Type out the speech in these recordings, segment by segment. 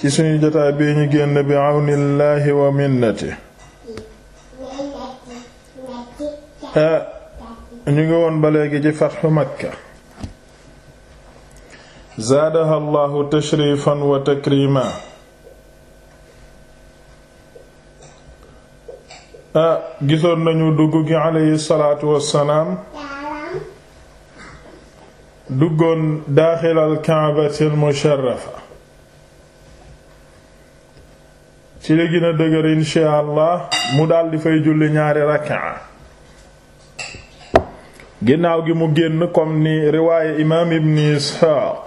ci suñu jotaay bi ñu génn bi àwnillaahi wa minnati ah, ñu ngi woon ba léegi ci fatxu makka zaadaha allahu tashrifan wa takrima ah, gisoon nañu dugg gi aleyhi salaatu wassalaam duggoon daaxilal kaabatil musharrafa ci li gën dëgër insha allah mu daldi fay julli ñaari rakkaa ginnaaw gi mu génn comme ni riwaaye imaam ibn isxaaq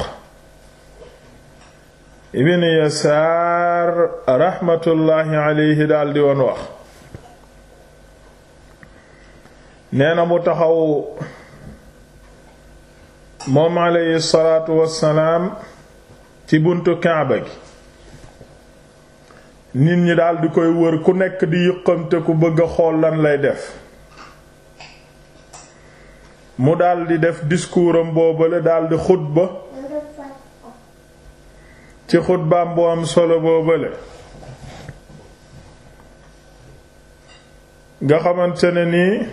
ibn yasaar raxmatullaahi alayhi daldi woon wax nee na mu taxaw moom alayhi salaatu wassalaam ci buntu kaaba gi nit ñi daldi koy wër ku nekk di yëqamte ku bëgg a xool lan lay def mu daldi def discours am boobale daldi xutba ci xutbaam bu am solo boobale nga xamante ne nii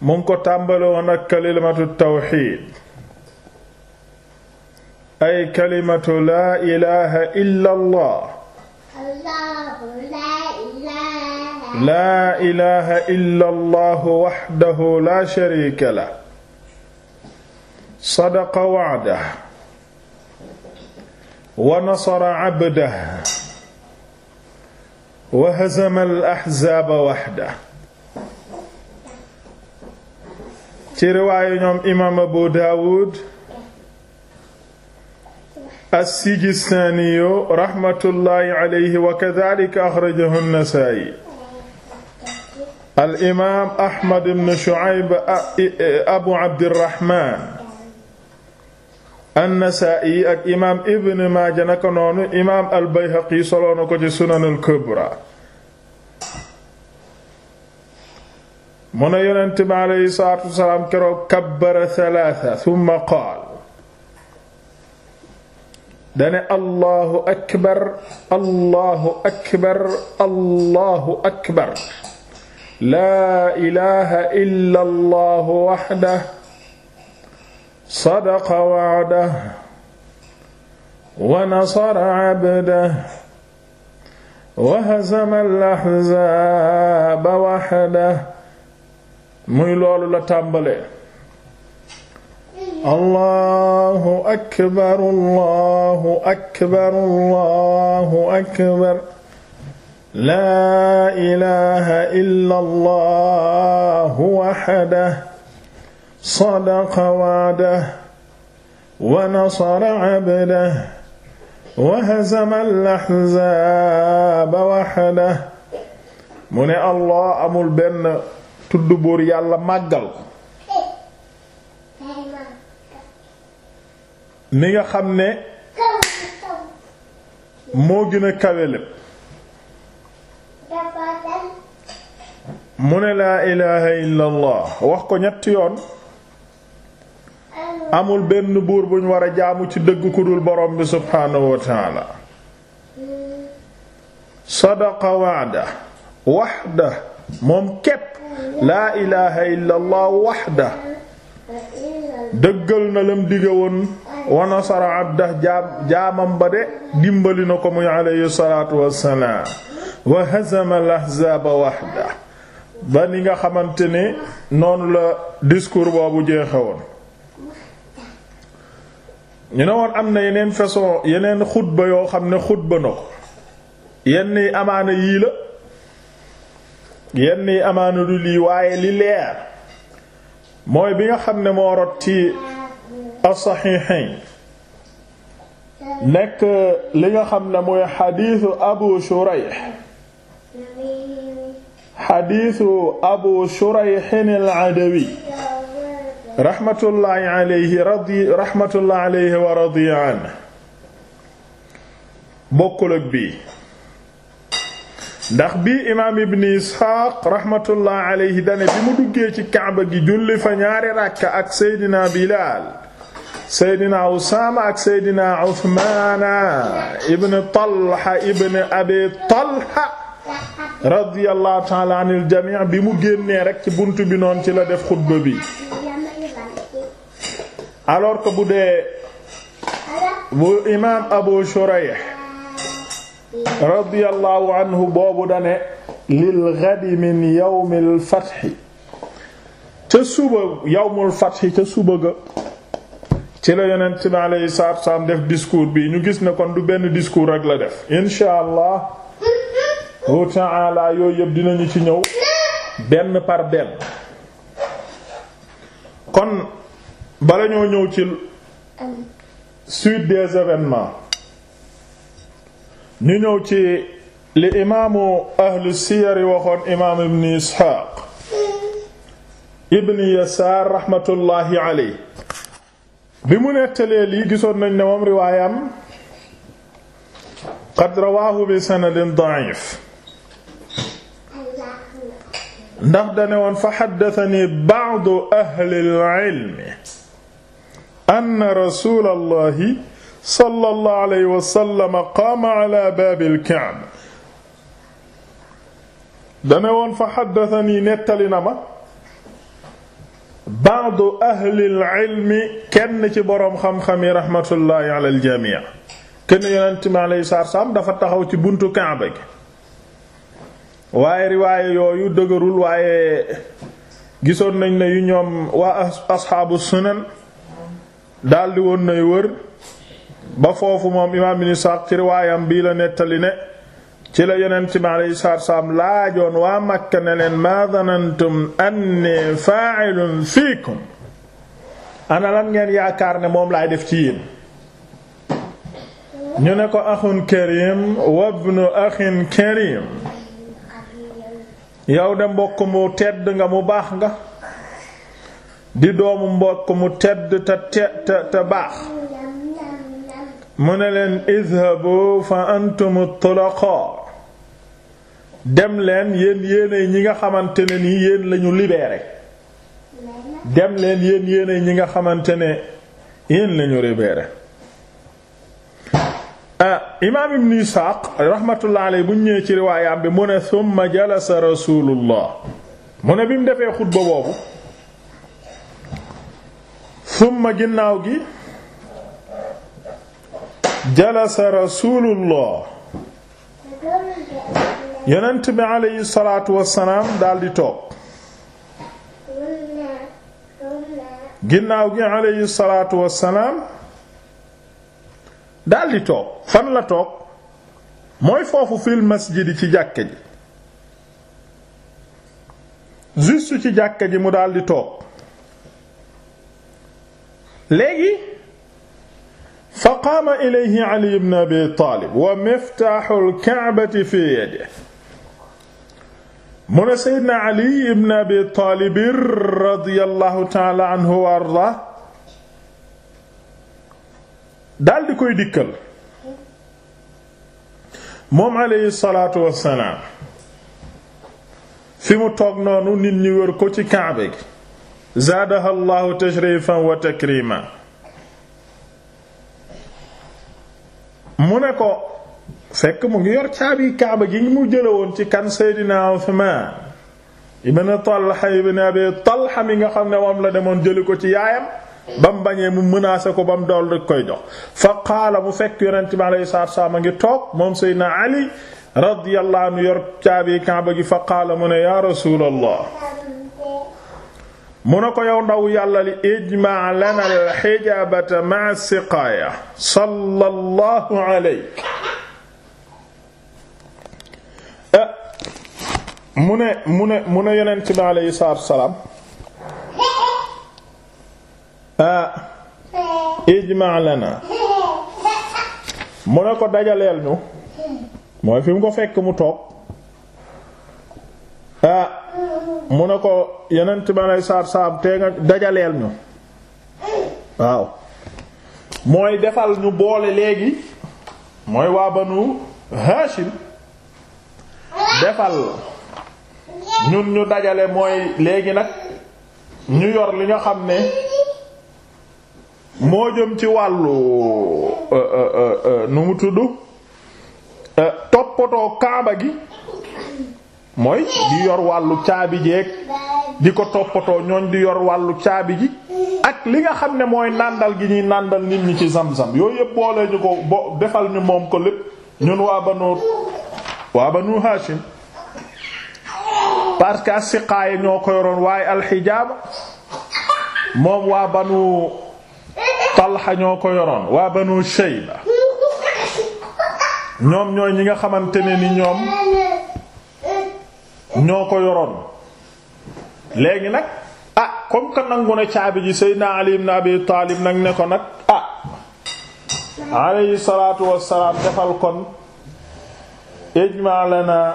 mu ko tàmbale woon ak kalimatu tawxiid ay kalimatu laa ilaha illa allah laa ilaha illa allah waxdahu la sharika lah sadaqa wa'dahu wa nasara abdahu wa hazama al-ahzaaba wahdahu ci riwaayu ñoom imaam Abu Daawud as-Sijistaaniyu rahmatullahi alayhi wa kadhalika akhrajahu an-Nasaa'i al-imaam Ahmad ibn Shu'ayb Abu Abdirrahmaan an-Nasaa'i ak imaam Ibn Maaja naka noonu imaam al-Bayhaqi solo na ko ci Sunan al-Kubra mu ne yonent bi alayhi salaatu wa salaam keroog kabbara salaasa thumma qaala dane allahu akbar allahu akbar allahu akbar laa ilaha illa allahu waxdah sadaqa wa'dah wa nasara abdah wa hazama al-ahzaaba waxdah muy loolu la tàmbale allahu akbar allahu akbar allahu akbar laa ilaha illa allahu waxdah sadaqa wa'dah wa nasara abdah wa hazama al-ahzaaba waxdah mu ne allah amul benn tudd buur yàlla màggal mi nga xam ne moo gën a mu ne laa ilaha illa wax ko ñetti yoon amul benn buur buñ war a jaamu ci dëgg ku dul borom bi subhaanahu wa taala sadaqa wa'da waxda moom képp laa ilaha illa waxda dëggal na lam dige woon wa nasara abdah jaamam ba de dimbali na ko muy alayhi salaatu wassalaam wa hazama al wahda ba ni nga xamante ne noonu la discours boobu jeexe woon ñu ne woon am na yeneen façon yeneen xutba yoo xam ne xutba na ko yenn amaana yii la yenn amaana du lii waaye li leer mooy bi nga xam ne moo rot ci as-saxiixayn nekk li nga xam ne mooy xadiisu abu shurayx xadiisu abu shurayxin al-adawi raxmatullaahi alayhi radi raxmatullaahi alayhi wa radiya anhu bokkul ak bi ndax bii imaam ibn isxaaq rahmatullah alayhi dane bi mu duggee ci kaaba gi julli fa ñaari ràkka ak seydina bilaal seydina usaama ak seydina uthmaana ibn talha ibn abi talha radiyallahu taala anil jamii bi mu génnee rek ci bunt bi noonu ci la def xutba bi alors que bu dee bu imaam abu shurayh radiyallahu anhu boobu dane lil ghadi min yawmil fathi ca suba yawmul ca suba ga ci la yonent bi alayhi salaatu salaam def discours bi ñu gis ne kon du benn discours rek la def insha allah hu ta'ala yooyu yëpp dina ñu ci ñëw benn par benn kon bala ñoo ñëw ci suite des événements ñu ñëw ci li imaamu ahlu siyar waxoon imaam ibn isxaaq ibn yasaar raxmatullaahi aley bi mu nettalee lii gisoon nañ ne moom riwaayam qad rawaahu bi sanadin da'if ndax dane woon fa xaddatani ba'du ahli al-ilm anna rasuulallahi sallallahu alayhi wa sallam qaama ala baabil Kaaba dane woon fa xaddatani nettali na ma baadu ahlil ilmi kenn ci boroom xam-xam yi raxmatullaahi ala aljamii kenn yonent mi alayhi salaatu dafa taxaw ci buntu Kaaba gi waaye riwaaye yooyu dëgërul waaye gisoon nañ ne yu ñoom waa asxaabu sunan daldi woon nay wër ba foofu moom imaam ibn Isaaq ci riwaayam bii la nettali ne ci la yonent bi alayhi salaatu salaam laajoon waa Makka ne leen maa danantum anni fiikum ana ngeen yaakaar ne moom laay def ci yéen ñu ne ko axun karim wa ibnu karim yow de mbokk mu tedd nga mu baax nga di doomu mbokk mu tedd te te te baax mu ne leen idhabu fa antum tulaqa dem leen yéen yéenay ñi nga xamante ne nii yéen lañu libéré dem leen yéen yéenay ñi nga xamante ne yéen lañu libéré ah imaam ibn Isaaq rahmatullah alayhi bu ñëwee ci riwaayam bi mu ne thumma jalasa rasulullah mu ne bi mu defee xutba boobu thumma ginnaaw gi jalasa rasulullah yonent bi aleyhi salaatu wassalaam daldi toog ginnaaw gi aleyhi salaatu wassalaam daldi toog fan la toog mooy foofu fil masjidi ci jàkka ji juste ci jàkka ji mu daldi toog léegi fa qaama ilayhi ali ibn abi taalib wa miftaaxul kaabati fi yadihi mu ne seydna ali ibn abi taalib radiyallahu taala anhu wa ardaa daldi koy dikkal moom alayhi salaatu wassalaam fi mu toog noonu nit ñi wër ko ci kaabe gi zaadaha allahu tashrifan wa takriman mu ne ko fekk mu ngi yor caabi kaaba gi mu jële woon ci kan Seydina Uthman ibn Talha ibn Abi Talha yi nga xam ne moom la demoon jëli ko ci yaayam ba mu bañee mu menacé ko ba mu dool rek koy jox fa qaala mu fekk yonent bi alayhi salaatu salaam ngi toog moom Seydina Ali radiyallahu anhu yor caabi kaaba gi fa qaala mu ne yaa Rasuulallah mu ne ko yow ndaw yàlla li ijmaa lana alxijaabata maa siqaaya sallallahu alayhi eh, mu ne mu ne mu ne yonent bi alayhi salaatu wasalaam eh, ijmaa lana mu ne ko dajaleel ñu mooy fi mu ko fekk mu toog ah mu ne ko yenent ma lay saab saab te nga dajaleel ñu waaw mooy defal ñu boole léegi mooy waa banu Hashim defal ñun ñu dajale mooy léegi nag ñu yor li nga xam ne moo jëm ci wàllu euh, euh, euh, nu mu tudd toppatoo kaaba gi mooy di yor wàllu caabi jeeg di ko toppatoo ñooñ di yor wàllu caabi ji ak li nga xam ne mooy nàndal gi ñuy nàndal nit ñi ci zam-zam yooyu yëpp boole ñu ko defal ñu moom ko lépp ñun waa banu waa banu Hashim ñoo ko yoroon waaye alxijaaba moom waa banu Talha ko yoroon ñoom ñooy ñi nga xamante ne ni ñoom ñoo ko yoroon léegi nag ah comme que nangu ne caabi ji Seydina Ali ibn Abi Taalib nag ne ko nag ah alayhi salaatu wassalaam defal kon ijmaa lana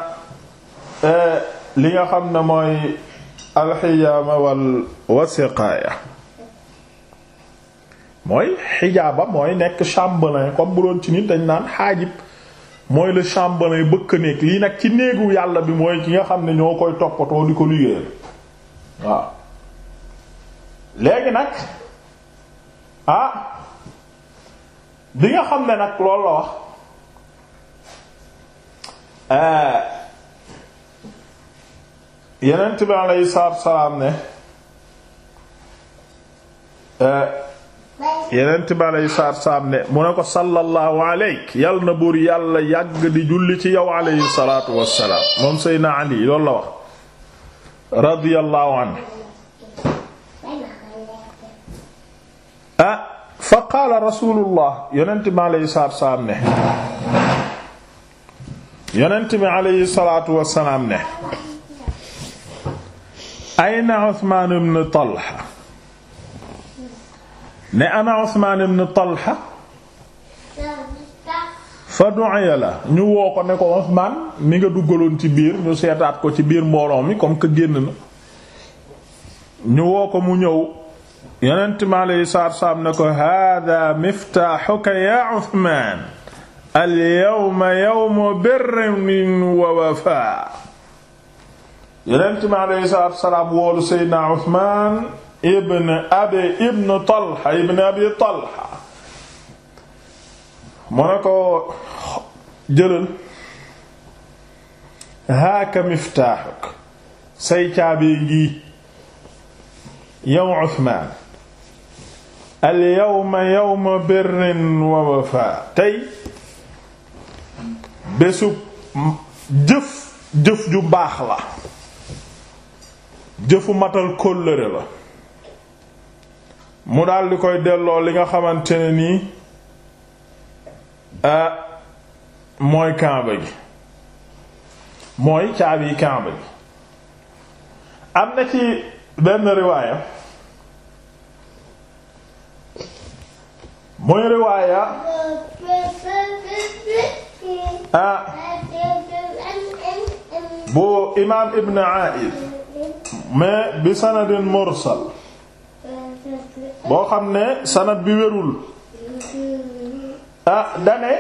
eh, li nga xam ne mooy alxijaama wal wasiqaaya mooy xijaaba mooy nekk chambellan comme bu doon ci nit dañ naan xaajib mooy le chambellan bëkk néeg lii nag ci néegu yàlla bi mooy ki nga xam ne ñoo koy toppatoo di ko liggéeyal waaw léegi nag ah bi nga xam ne nag loolu la wax eh, yeneen bi aleyhi salaatu salaam ne eh, yeneen tibalay saar saam ne mu ne ko sallallahu alayk yal na buur yàlla yàgg di julli ci yow alayhi salaatu wassalaam moom Seydina Ali loolu la wax radiyallahu anhu ah fa qaala rasulullah yonent bi alayhi salaatu wassalaam ne yonent bi alayhi salaatu wassalaam ne ne ana Usmaan ibn Talha fa du'a la ñu woo ko ne ko Usmaan mi nga duggaloon ci biir ñu seetaat ko ci biir mbooloo mi comme que génn na ñu woo ko mu ñëw yonent mi alayhi salaatu salaam ne ko haadaa miftaaxuka yaa Usmaan al yawma yawmu birrin wa wafaa yonent mi alayhi salaatu woolu Seydina Usmaan ibn abi ibn Talha ibn abi Talha mu ne ko jëlal haaka miftaaxuk say caabi ngi yow Usmaan al yawma yawma birrin wa wafaa tey bésub jëf jëf ju baax la jëfu matal kóllëre la mu daal di koy delloo li nga xamante ne nii mooy Kaaba gi mooy caabi Kaaba gi am na ci benn riwaaya mooy riwaaya bu imaam Ibn Aid mais bi sanadin mursal boo xam ne sanad bi wérul ah dane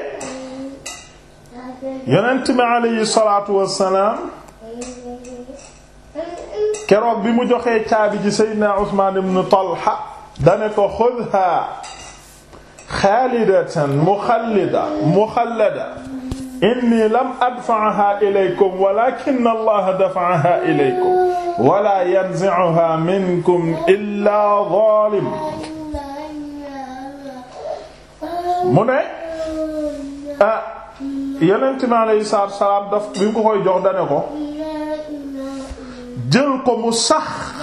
yonent mi alayhi salaatu wassalaam keroog bi mu joxee caabi ji Seydina Usmaan ibn Talha dane ko xudha xaalidatan muxallida muxallada inni lam adfa'aha ilaykum walakinna allaha dafa'aha ilaykum wala yanzi'uha minkum illa zalim mu ne ah yonent mi alayhi salaatu wa salaam daf bi nga ko koy jox dane ko jël ko mu sax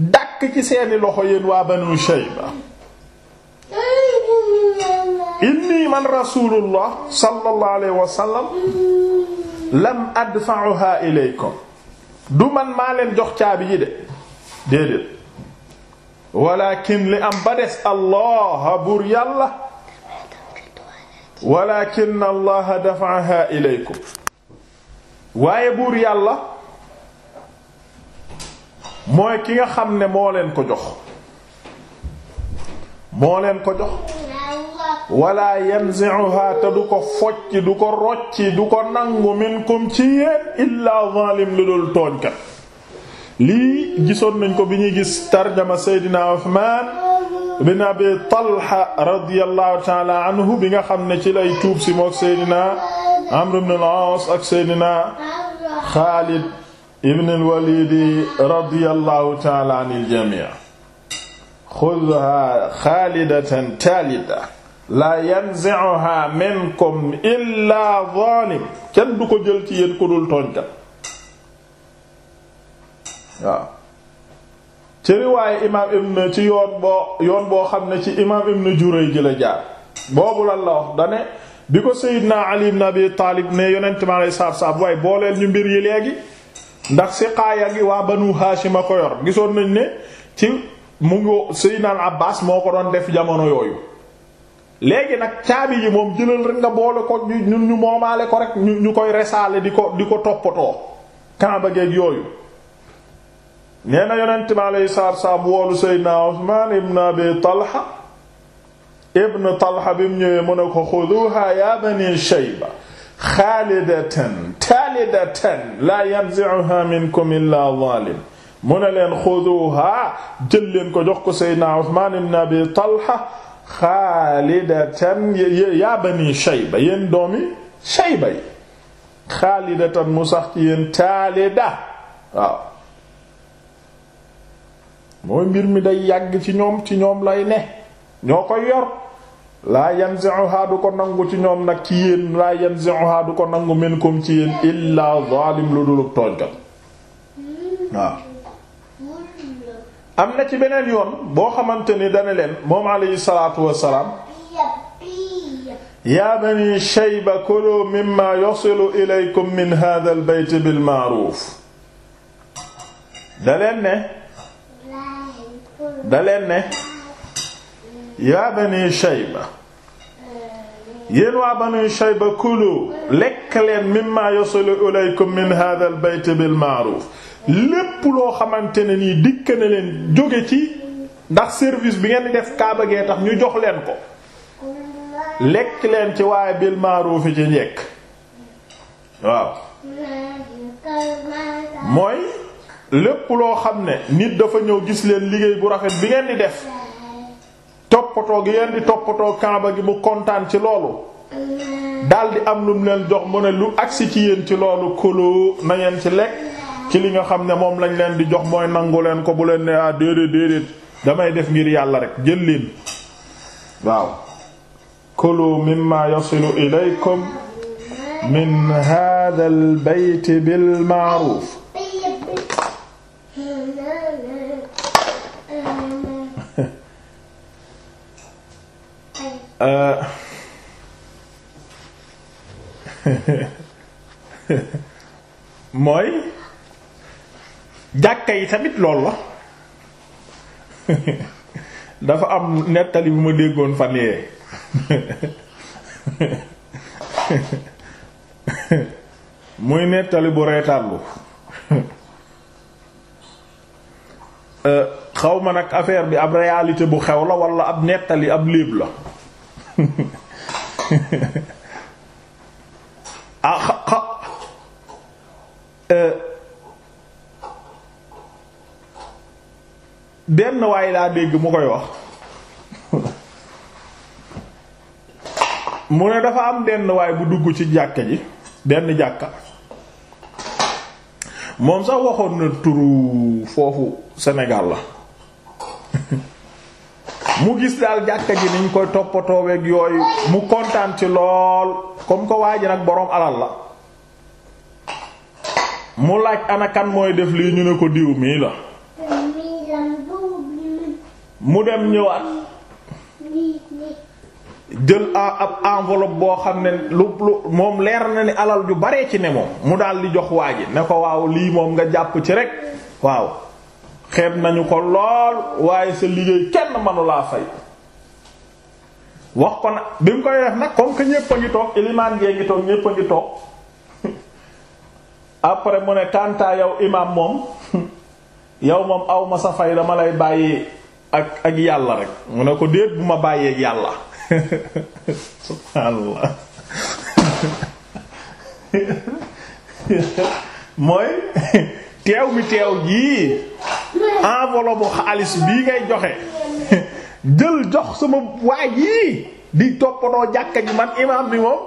dàkk ci seeni loxo yéen waa Banu Shayba inni man rasulullah sallallahu alayhi wa sallam lam adfa'uha ilaykum du man maa jox caabi ji de déedéet walakin li am ba allah buur yàlla walakin allah dafa'aha ilaykum waaye buur yàlla mooy ki nga xam ne mooleen ko jox mooleen ko jox wala yanzi'uha te du ko focci du ko rocci du ko nangu minkum ci yéen illaa zalim lu dul tooñkat lii gisoon nañ ko bi ñuy gis tarjama Seydina Uthman bin Abi Talha radiyallahu ta'ala anhu bi nga xam ne ci lay tuub si mook Seydina Amr ibn al-Aas ak Seydina Xaalid ibn al-Walid radiyallahu ta'ala anil jami' khudha khalidatan talida la yanzi'uha minkum illa zalim kenn du ko jël ci yéen ku dul tooñkat waaw ci riwaaye imaam ibn ci yoon boo yoon boo xam ne ci imaam na Jurayj la jaar boobu lan la wax dane bi ko Seydina Ali ibn Abi Taalib ne yonent ma saab saab waaye booleel ñu mbir yi léegi ndax si xaaya gi waa Banu Haashim a ko yor gisoon nañ ne ci mu ngi Seydina Abbaas moo ko doon def jamono yooyu léegi nag caabi ji moom jëlal rek nga boole ko ñun ñu moomaale ko rek ñu ñu koy resaale di ko di ko toppatoo Kaaba geeg yooyu nee na yonent mi alayhi salaatu salaam woolu Seydina Usmaan ibn Abi Talha ibn Talha bi mu ñëwee mu ne ko xuduha ya bani Shayba xaalidatan taalidatan laa yanzi'uha minkum illaa mu ne leen xuduha jël leen ko jox ko Seydina Usmaan ibn Abi Talha xaalidatan yaa bani shayba yéen doomi shayba yi xaalidatan mu sax ci yéen taalida waaw mooy mbir mi day yàgg ci ñoom ci ñoom lay ne ñoo koy yor laa yanzi'uha du ko nangu ci ñoom nag ci yéen laa yanzi'uha du ko nangu minkum ci yéen illaa zaalim lu dul tooñkat waaw am na ci beneen yoon boo xamante ni dana leen moom alayhi salaatu wassalaam yaa bani shayba kulu mimma yasilu ilaykum min hadha al bayt bil ne da bani shayba yéen waa bani shayba kulu lekk leen mimma yasilu ilaykum min hadha al lépp loo xamante ne nii dikk na leen jóge ci ndax service bi ngeen def kaaba gee tax ñu jox leen ko lekk leen ci waaye bil ma'ruf ci njekk waaw mooy lépp loo xam ne nit dafa ñëw gis leen liggéey bu rafet bi ngeen di def toppatoo gi ngeen di toppatoo kaaba gi mu kontaan ci loolu daldi am lu mu leen jox mu ne lu agsi ci yéen ci loolu kolo na ngeen ci lekk ci li nga xam ne moom lañ leen di jox mooy nangu leen ko bu leen ne ah déedéet déedéet damay def ngir yàlla rek jël leen waaw kulu mimma yasilu ilaykum min hada al bayt bil mooy jàkka yi tamit lool la dafa am nettali bu ma déggoon fan yee muy nettali bu reetaanlu euh, xaw ma nag affaire bi ab réalité bu xew la walla ab nettali ab léeb la ah xa xa euh, benn waay daa dégg mu koy wax mu ne dafa am benn waay bu dugg ci jàkka ji benn jàkka moom sax waxoon na turu foofu Sénégal la mu gis daal jàkka ji niñ koy toppatooweeg yooyu mu kontaan ci lool comme que waa ji nag boroom alal la mu laaj anakan mooy def lii ñu ne ko diw mii la mu dem ñëwaat jël ab enveloppe boo xam ne lu lu moom leer na ni alal yu baree ci ne moom mu daal di jox waa ji ne ko waaw lii moom nga jàpp ci rek waaw xeeb nañu ko lool waaye sa liggéey kenn manu laa fay. wax ko nag bi mu koy def nag comme que ñépp a ngi toog ilimaan gee ngi toog ñépp ngi toog après mu ne Kanta yow imaam moom yow moom aw sa fay dama lay bàyyi. ak ak yàlla rek mu ne ko déet bu ma bàyyeeg yàlla subhaanallah mooy teew mi teew jii enveloppe xaalis bii ngay joxe jël jox sama waa jii di toppatoo jàkka ji man imaam bi moom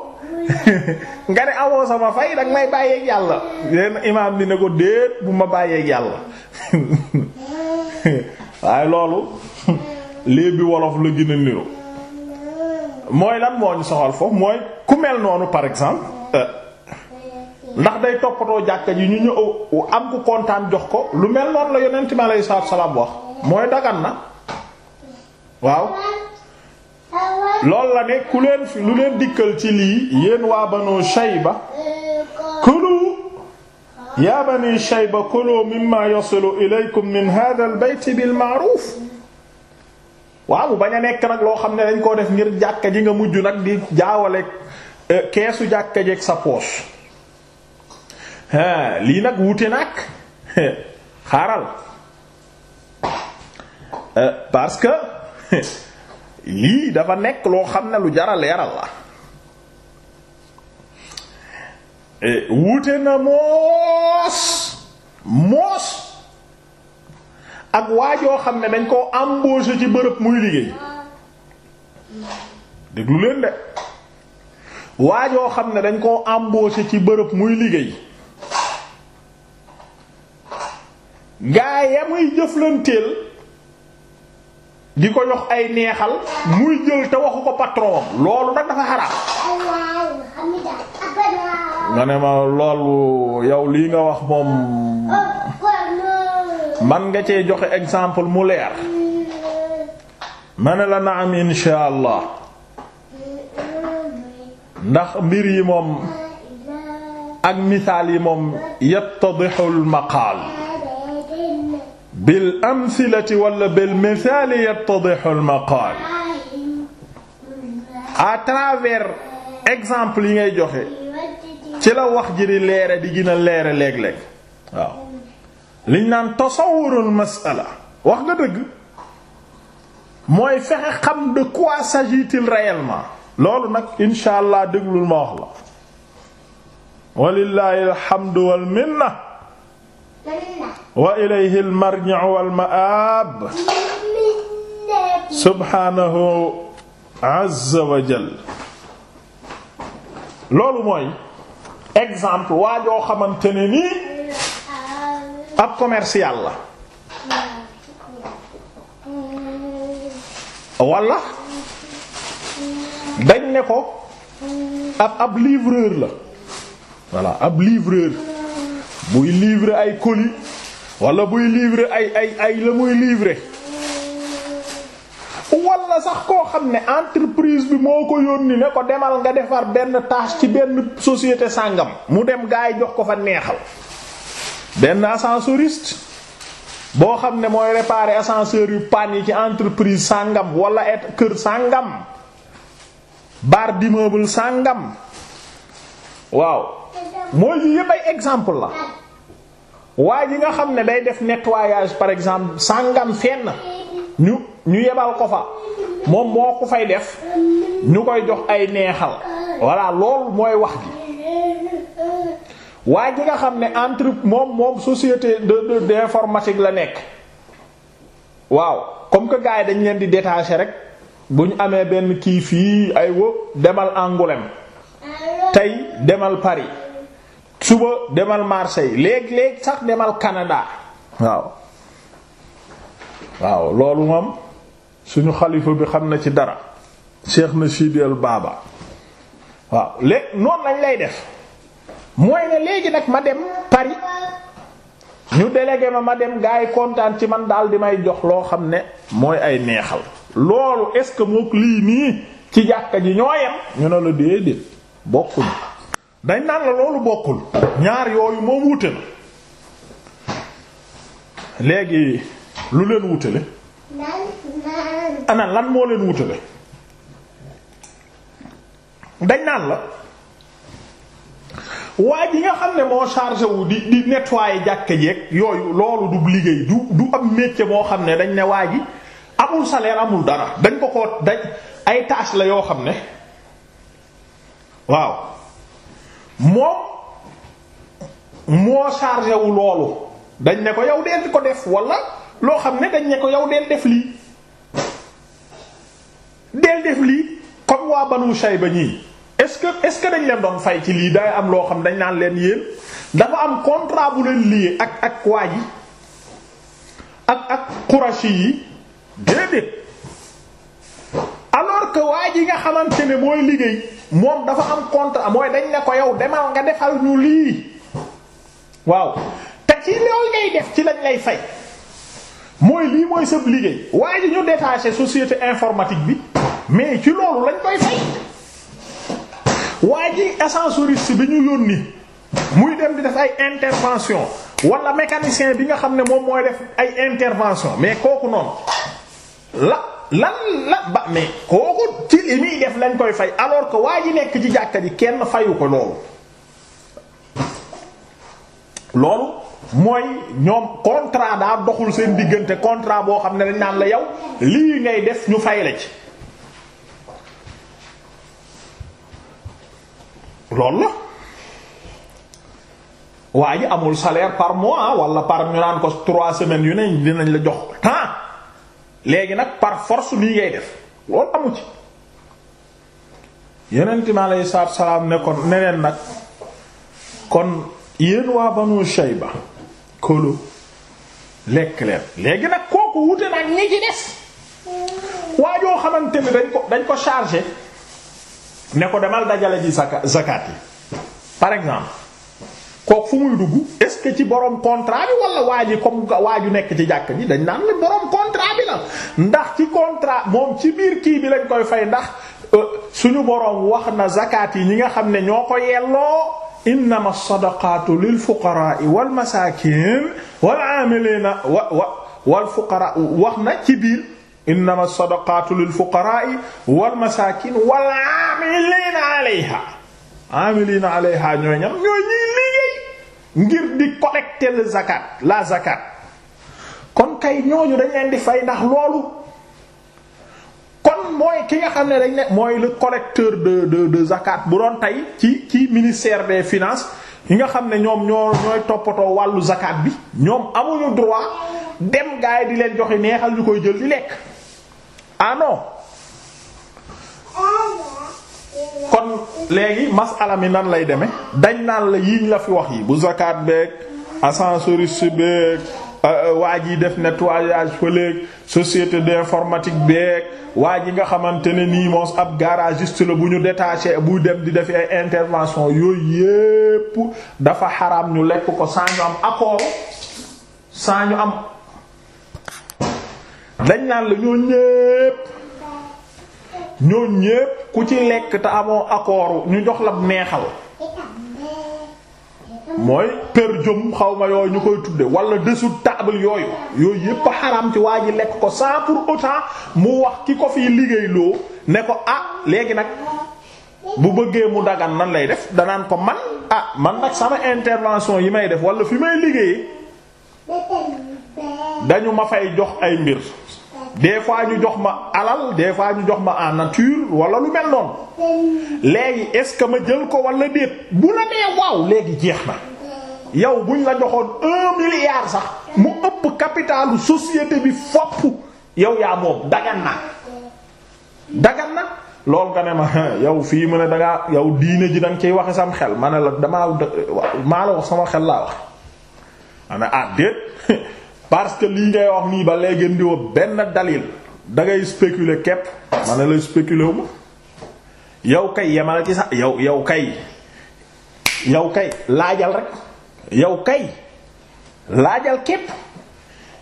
nga ne amoo sama fay danga may bàyyeeg yàlla leen imaam bi ne ko déet bu ma bàyyeeg yàlla waaye loolu léebi wolof la gën a niro mooy lan moo ñu soxal foofu mooy ku mel noonu par exemple euh, ndax day toppatoo jàkka yi ñu ñu euh, am ku kontaan jox ko lu mel noonu la yonent bi alayhi salaatu salaam wax mooy dagan na waaw loolu la ne ku leen fi lu leen dikkal ci lii yéen waa say ba yaa bani shayba kulu mimma yasilu ilaykum min hadha al bayt bil ma'ruf waaw mu bañ a nekk nag loo xam ne dañ koo def ngir jàkka ji nga mujj nag di jaawale eh, keesu jàkka jeeg sa poche lii nag wute nag eh, xaaral eh, parce que lii dafa nekk loo xam ne lu jara leeral la E, wuute na moos moos ak waa xam ne dañ koo embauché ci bërëb muy liggéey déglu leen de waa xam ne dañ koo embauché ci bërëb muy liggéey gaa ya muy jëflanteel di ko jox ay neexal muy jël te waxu ko patron am loolu nag dafa xaraam oh, nga ne ma loolu yow lii nga wax moom man nga cee joxe exemple mu leer ma ne la naam insha allah ndax mbir yi moom ak misaal yi moom yattadixu almaqaal bil amsilati wala bil misaali yattadixu almaqaal à travers exemple yi ngay joxe ci la wax ji di leere di gën a leere léeg-léeg waaw liñ naan tasawurul masala wax nga dëgg mooy fexe xam de quoi s'agit-il réellement loolu nag insha allah déglul ma wax la walillahi alhamdu wal minna wa ilayhi al marji'u wal ma'ab subhanahu azza wa jalla loolu mooy exemple waa joo xamante ne nii ab commercial la walla dañ ne ko ab ab livreur la voilà ab livreur buy livrer ay colis walla buy livrer ay ay ay la muy livrer wala sax koo xam ne entreprise bi moo ko yónni ne ko demal nga defar benn tâche ci benn société sàngam mu dem gaa yi jox ko fa neexal benn ascensoriste boo xam ne mooy réparer ascenseur yu panne yi ci entreprise sàngam wala et kër sàngam bar d'immeuble sàngam waaw mooy yi yépp ay exemple la waa ji nga xam ne day def nettoyage par exemple sàngam fenn ñu ñu yebal ko fa moom moo ko fay def ñu koy jox ay neexal voilà loolu mooy wax gi waaye ji nga xam ne entre moom moom société de d'informatique la nekk waaw comme que gars dañ leen di détacher rek bu ñu amee benn kii fii ay wo demal Angoulême tey demal Paris suba demal Marseille léeg-léeg sax demal Canada waaw loolu moom suñu xalifa bi xam na ci dara Cheikh na Sidel baaba waaw léegi noonu lañ lay def mooy ne léegi nag ma dem Paris ñu délégué ma ma dem gaa kontaan ci man daal di may jox loo xam ne mooy ay neexal loolu est ce que mook lii nii ci jàkka ji ñoo yem ñu ne la déedéet bokkul dañ naan la loolu bokkul ñaar yooyu moom wute na léegi lu leen wutale ana lan moo leen wutale dañ naan la waaye ji nga xam ne moo chargé wu di di nettoyer jàkka jeeg yooyu loolu du liggéey du du am métier moo xam ne dañ ne waa ji amul salaire amul dara dañ ko ko dañ ay taas la yoo xam ne waaw moom moo chargé wu loolu dañ ne ko yow dee ko def wala. loo xam ne dañ ne ko yow del def lii del def lii comme waa Banu say ba ñii est-ce que est-ce que dañ leen doon fay ci lii day am loo xam dañ naan leen yéen dafa am contrat bu leen lié ak ak waa ji ak ak Qurashi yi déedéet alors que waa ji nga xamante ne booy liggéey moom dafa am contrat mooy dañ ne ko yow demal nga defal ñu lii waaw te ci loolu ngay def ci lañ lay fay. mooy lii mooy sëb liggéey waaye ji ñu détaché société informatique bi mais ci loolu lañ koy fay waaye ji ascensoriste bi ñu yónni muy dem di def ay intervention wala mécanicien bi nga xam ne moom mooy def ay intervention mais kooku noonu la la la ba mais kooku ci li muy def lañ koy fay alors ko waa ji nekk ci jàkka ji kenn fayu ko loolu loolu mooy ñoom contrat daa doxul seen diggante contrat boo xam ne dañ naan la yow lii ngay def ñu fay la ci loolu la waa ji amul salaire par mois wala par ñu naan ko trois semaines yu ne dinañ la jox temps léegi nag par force lii ngay def loolu amu ci yeneen mi aleyhi salaatu salaam ne kon neneen nag kon yéen waa banu ba kólu lekk leen léegi nag kooku wute nag ñi ci des waa joo xamante ni dañ ko dañ ko chargé ne ko demal dajale ji zakat yi par exemple kooku fu muy dugg est-ce que ci borom contrat bi wala waa yi comme waa ju nekk ci jàkk ji dañ naan ne borom contrat bi la ndax ci contrat moom ci biir kii bi lañ koy fay ndax euh, suñu borom wax na zakat yi ñi nga xam ne ñoo ko yelloo innama sadaqaatu lil fuqaraa'i wal masaakiin wal aamiliina wa wa wal fuqaraa wax na ci biir innama sadaqaatu lil fuqaraa'i wal masaakiin wal aamiliina alayhaa aamiliina alayhaa ñooy ñam ñooy ñuy liggéey ngir di collecter le zakat la zakat kon kay ñooñu dañ leen di fay ndax loolu. kon mooy ki nga xam ne dañ ne mooy le collecteur de de de zakat bu doon tey ci ci ministère des finances yi nga xam ne ñoom ñoo ñooy toppatoo wàllu zakat bi ñoom amuñu droit dem gaay di leen joxe neexal ñu koy jël di lekk ah kon léegi masala mi nan lay demee dañ naan la yiñ la fi wax yi bu zakat beeg ascensoriste beeg Euh, waa ji def nettoyage fëleeg société d'informatique beeg waa ji nga xamante ne nii moos ab garagiste la bu ñu détaché buy dem di def ay intervention yooyu yépp dafa xaram ñu lekk ko sans ñu am accord sans ñu am dañ naan la ñoo ñépp ñoo ñépp ku ci lekk te amoo accord ñu jox la neexal mooy per jom xaw ma yooyu ñu koy tudde wala dessous table yooyu yooyu yépp a xaram ci waa ji lekk ko sans pour autant mu wax ki ko fii liggéey loo ne ko ah léegi nag bu bëggee mu dagan nan lay def danaan ko man a ah, man nag sama intervention yi may def wala fi may liggéeyee dañu ma fay jox ay mbir des fois ñu jox ma alal des fois ñu jox ma en nature wala lu mel noonu léegi est-ce que ma jël ko wala déet bu la nee waaw léegi jeex na yow buñ la joxoon un milliard sax mu ëpp capitalu société bi fopp yow yaa moom dagan na dagan na lool nga ne ma yow fii mu ne dangaa yow diine ji danga ciy waxe sam xel ma ne la damaa maa la wax sama xel laa wax ana ah déet parce que lii ngay wax nii ba léegi ndiwa benn dalil da ngay spéculer kepp ma ne la spéculer wu yow kay yemale ci sax yow yow kay yow kay laajal rek yow kay laajal képp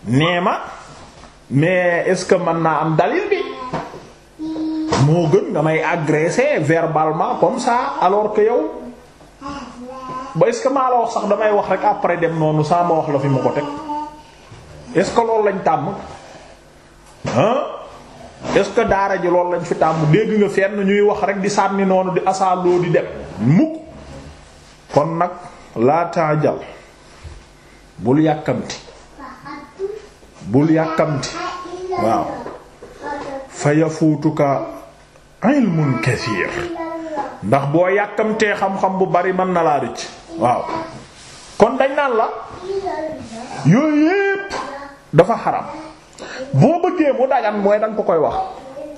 nee ma mais est-ce que mën naa am dalil bi moo gën nga may agresser verbalement comme ça alors que yow ba est-ce que maa la wax sax damay wax rek après dem noonu saa ma wax la fi mu ko teg. est-ce que loolu lañ tàmm ah ce que daara ji loolu lañ fi tàmm dégg nga fenn ñuy wax rek di sànni noonu di asaaloo di dem mukk kon nag laa taajal bul yàkkamti bul yàkkamti waaw fa yafuutuka ilmun kathir ndax boo yàkkamtee xam-xam bu bari mën na laa rëcc waaw kon dañ naan la yooyu yépp dafa xaram boo bëggee mu dagan mooy da ko koy wax.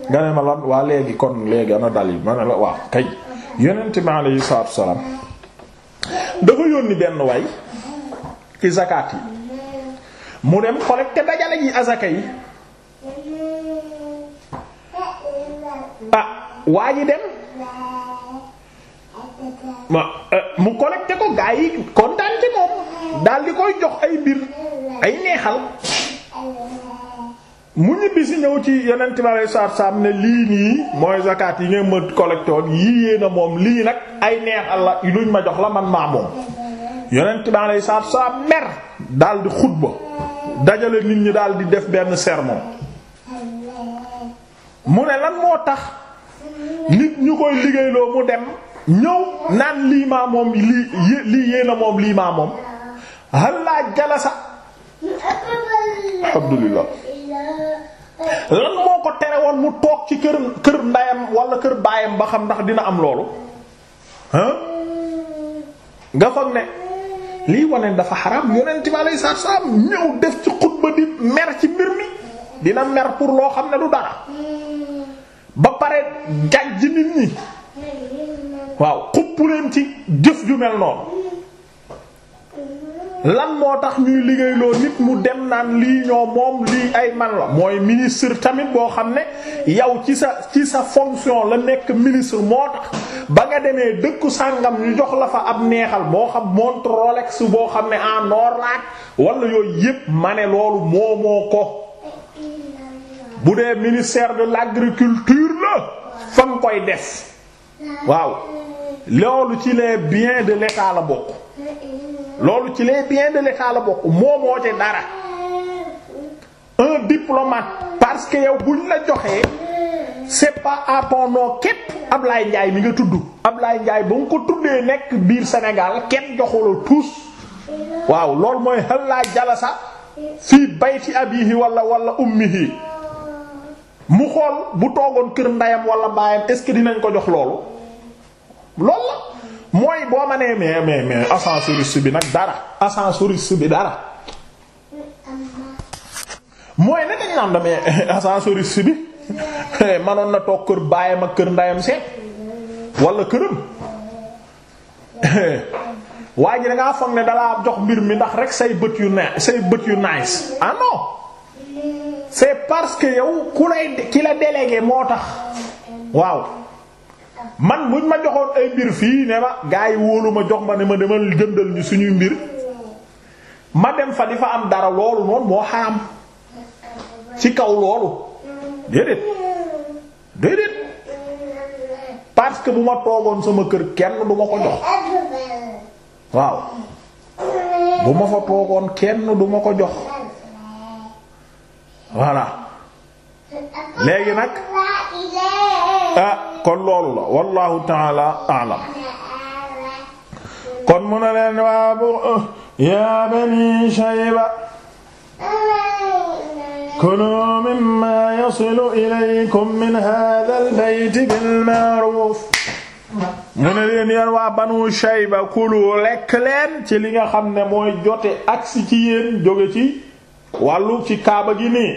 nga ne ma lan waa léegi kon léegi ana dal yi ma ne la waaw kay yonent bi alayhi salaatu dafa yónni benn waay ci zakat yi mu dem collecté dajale ji azaka yi ah waa ji dem eh, mu collecté ko gaa yi kontaan ci di koy jox ay mbir ay neexal. mu ñibbi si ñëw ci yonent bi aleyhi salaatu ne lii nii mooy zakat yi ngeen ma collecté yii yéen moom lii nag ay neexal la luñ ma jox la man maa moom yonent bi aleyhi salaatu mer daal xutba dajale nit ñi daal def benn sermon mu ne lan moo tax nit ñu koy liggéeyloo mu dem ñëw naan lii maa moom lii lii yéen moom lii maa moom hal laa jalasa alhamdulillah lan moo ko tere woon mu toog ci kër kër ndayam walla kër baayam ba xam ndax dina am loolu ah nga foog ne lii wane dafa xaraam yonent bi alayhi salaam ñëw def ci xutba di mer ci mbir mi dina mer pour loo xam ne du dara ba pare jàjj nit ñi waaw xupp ci jëf ju mel noonu lan moo tax ñuy liggéeyloo nit mu dem naan lii ñoo moom lii ay man la mooy ministre tamit boo xam ne yow ci sa ci sa fonction la nekk ministre moo tax ba nga demee dëkku sàngam ñu jox la fa ab neexal moo xam montre boo xam ne en or laat wala yooyu yépp ma ne loolu moomoo ko bu dee ministère de l'agriculture la fa nga koy def waaw loolu ci les biens de l'État la bokk loolu ci les biens de l'État la bokk moomoo te dara un diplomate parce que yow ñu la joxee c'est pas à ton nom njaay Ablaye mi nga tudd Ablaye Ndiaye ba nga ko tuddee nekk biir Sénégal kenn joxula tous waaw loolu mooy halla jalasa fii bayti abihi walla wala ummihi mu xool bu toogoon kër ndeyam wala baayam est-ce que dinañ ko jox loolu loolu la mooy boo ma nee mais mais mais ascensoriste bi nag dara ascensoriste bi dara mooy ne dañ naan damay ascensoriste bi manoon na toog kër baayam ak kër ndayam seet walla këram waa ji da ngaa ne dalaa jox mbir mi ndax rek say bët yu ne say bët yu nice ah c'est parce que yow ku lay ki la délégué moo tax waaw. man buñ ma joxoon ay mbir fii ne ma gaa yi wóolu jox ma ne ma demal jëndal ñu suñuy mbir ma dem fa di fa am dara loolu noonu moo xaram ci kaw loolu déedéet déedéet parce que bu ma toogoon sama kër kenn du ma ko jox waaw bu ma fa toogoon kenn duma ko jox voilà léegi nag ah kon loolu la wallahu taala alam kon mu ne leen waa bu eh, yaa bani shayba kulu mimma yasilu ilaykum min haadhal bayti bil ma'ruf mu ne leen yéen waa banu shayba kulu lekk ci li nga xam ne mooy jote agsi ci yéen jóge ci wàllu ci kaaba gi nii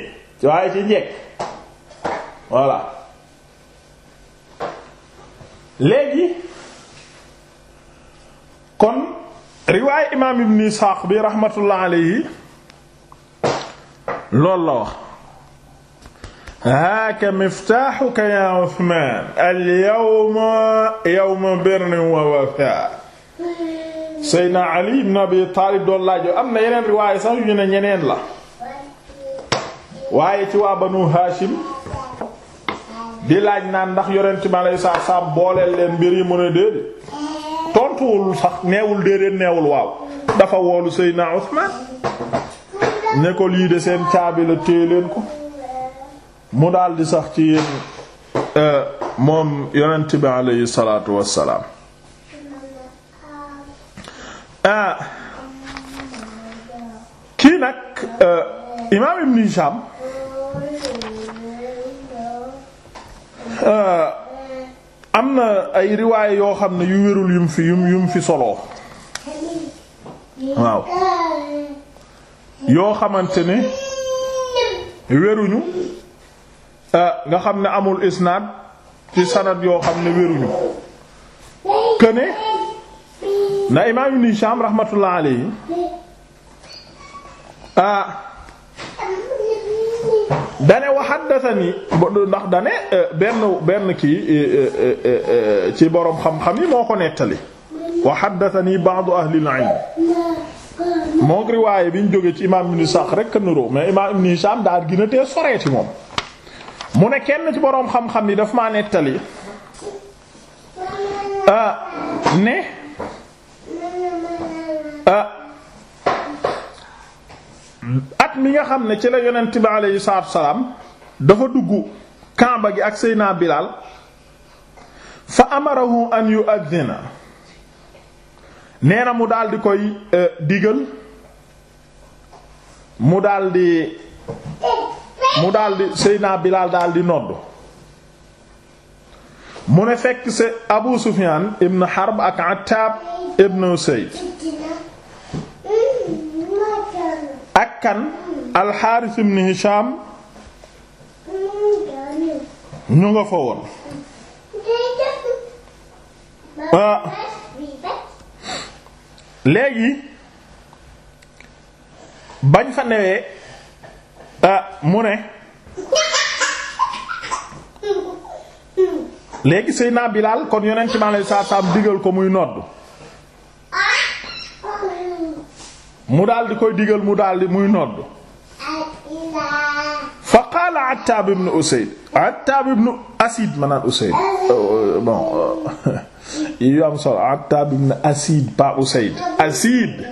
waaye ci njekk voilà léegi kon riwaay imaam ibn Isxaaq bi raxmatullah alayhi loolu la wax haaka miftaaxuka ya Usmaan al yawma yawma birrin wa wafaa Seydina Ali ibn Abi Taalib doon laaj am na yeneen riwaay sax yu ñu ne ñeneen la waaye ci waa Banu Haashim di laaj naan ndax yonent ma lay saa saa booleel leen mbir yi mu ne déedéet tontuwul sax neewul déedéet neewul waaw dafa woolu Seydina Usmaan ne ko lii de seen caabi la ko mu daldi sax ci yéen euh, moom yonent bi alayhi salaatu wassalaam euh, kii nag euh, imaam Ibn Hisham Euh, am na ay riwaay yoo xam ne yu wérul yum fi yum fi soloo waaw yoo xamante ne wéruñu euh, nga xam ne amul isnaad ci sanad yoo xam ne wéruñu këne na imaam Ibn Hisham rahmatullah alayhi ah dane wa haddathani ndax dane eh, benn benn kii eh, eh, ci boroom xam-xam yi moo ko nettali wa haddathani ba'du ahli al-'ilm moo ngi riwaaye bi ñu jógee ci imaam ibn Ishaq rek niroo mais imaam ibn Hisham daal gina tee soreeti moom mu ne kenn ci boroom xam-xam yi daf maa nettali ne at mi nga xam ne ci la yonent bi aleyhi salaatu salaam dafa dugg kàmba gi ak Seyna bilaal fa amarahu an yu'adhdhina nee na mu daal di koy e, digal mu daal di mu daal di Seyna daal di nodd mu ne fekk se Abu Sufyan ibn Harb ak Attab ibn Usayd ak kan alxaaris ibn Hisham ñu ah. léegi bañ fa newee ah, mu ne léegi Seydina Bilaal kon yonent mi alayhi salaam digal ko muy nodd mu daal di koy digal mu daal muy nodd fa qaala Attaab ibn Usayd Attaab ibn Asiid ma naan Usayd oh. euh, euh, bon euh, yu am solo ibn Asiid pas Usayd Asiid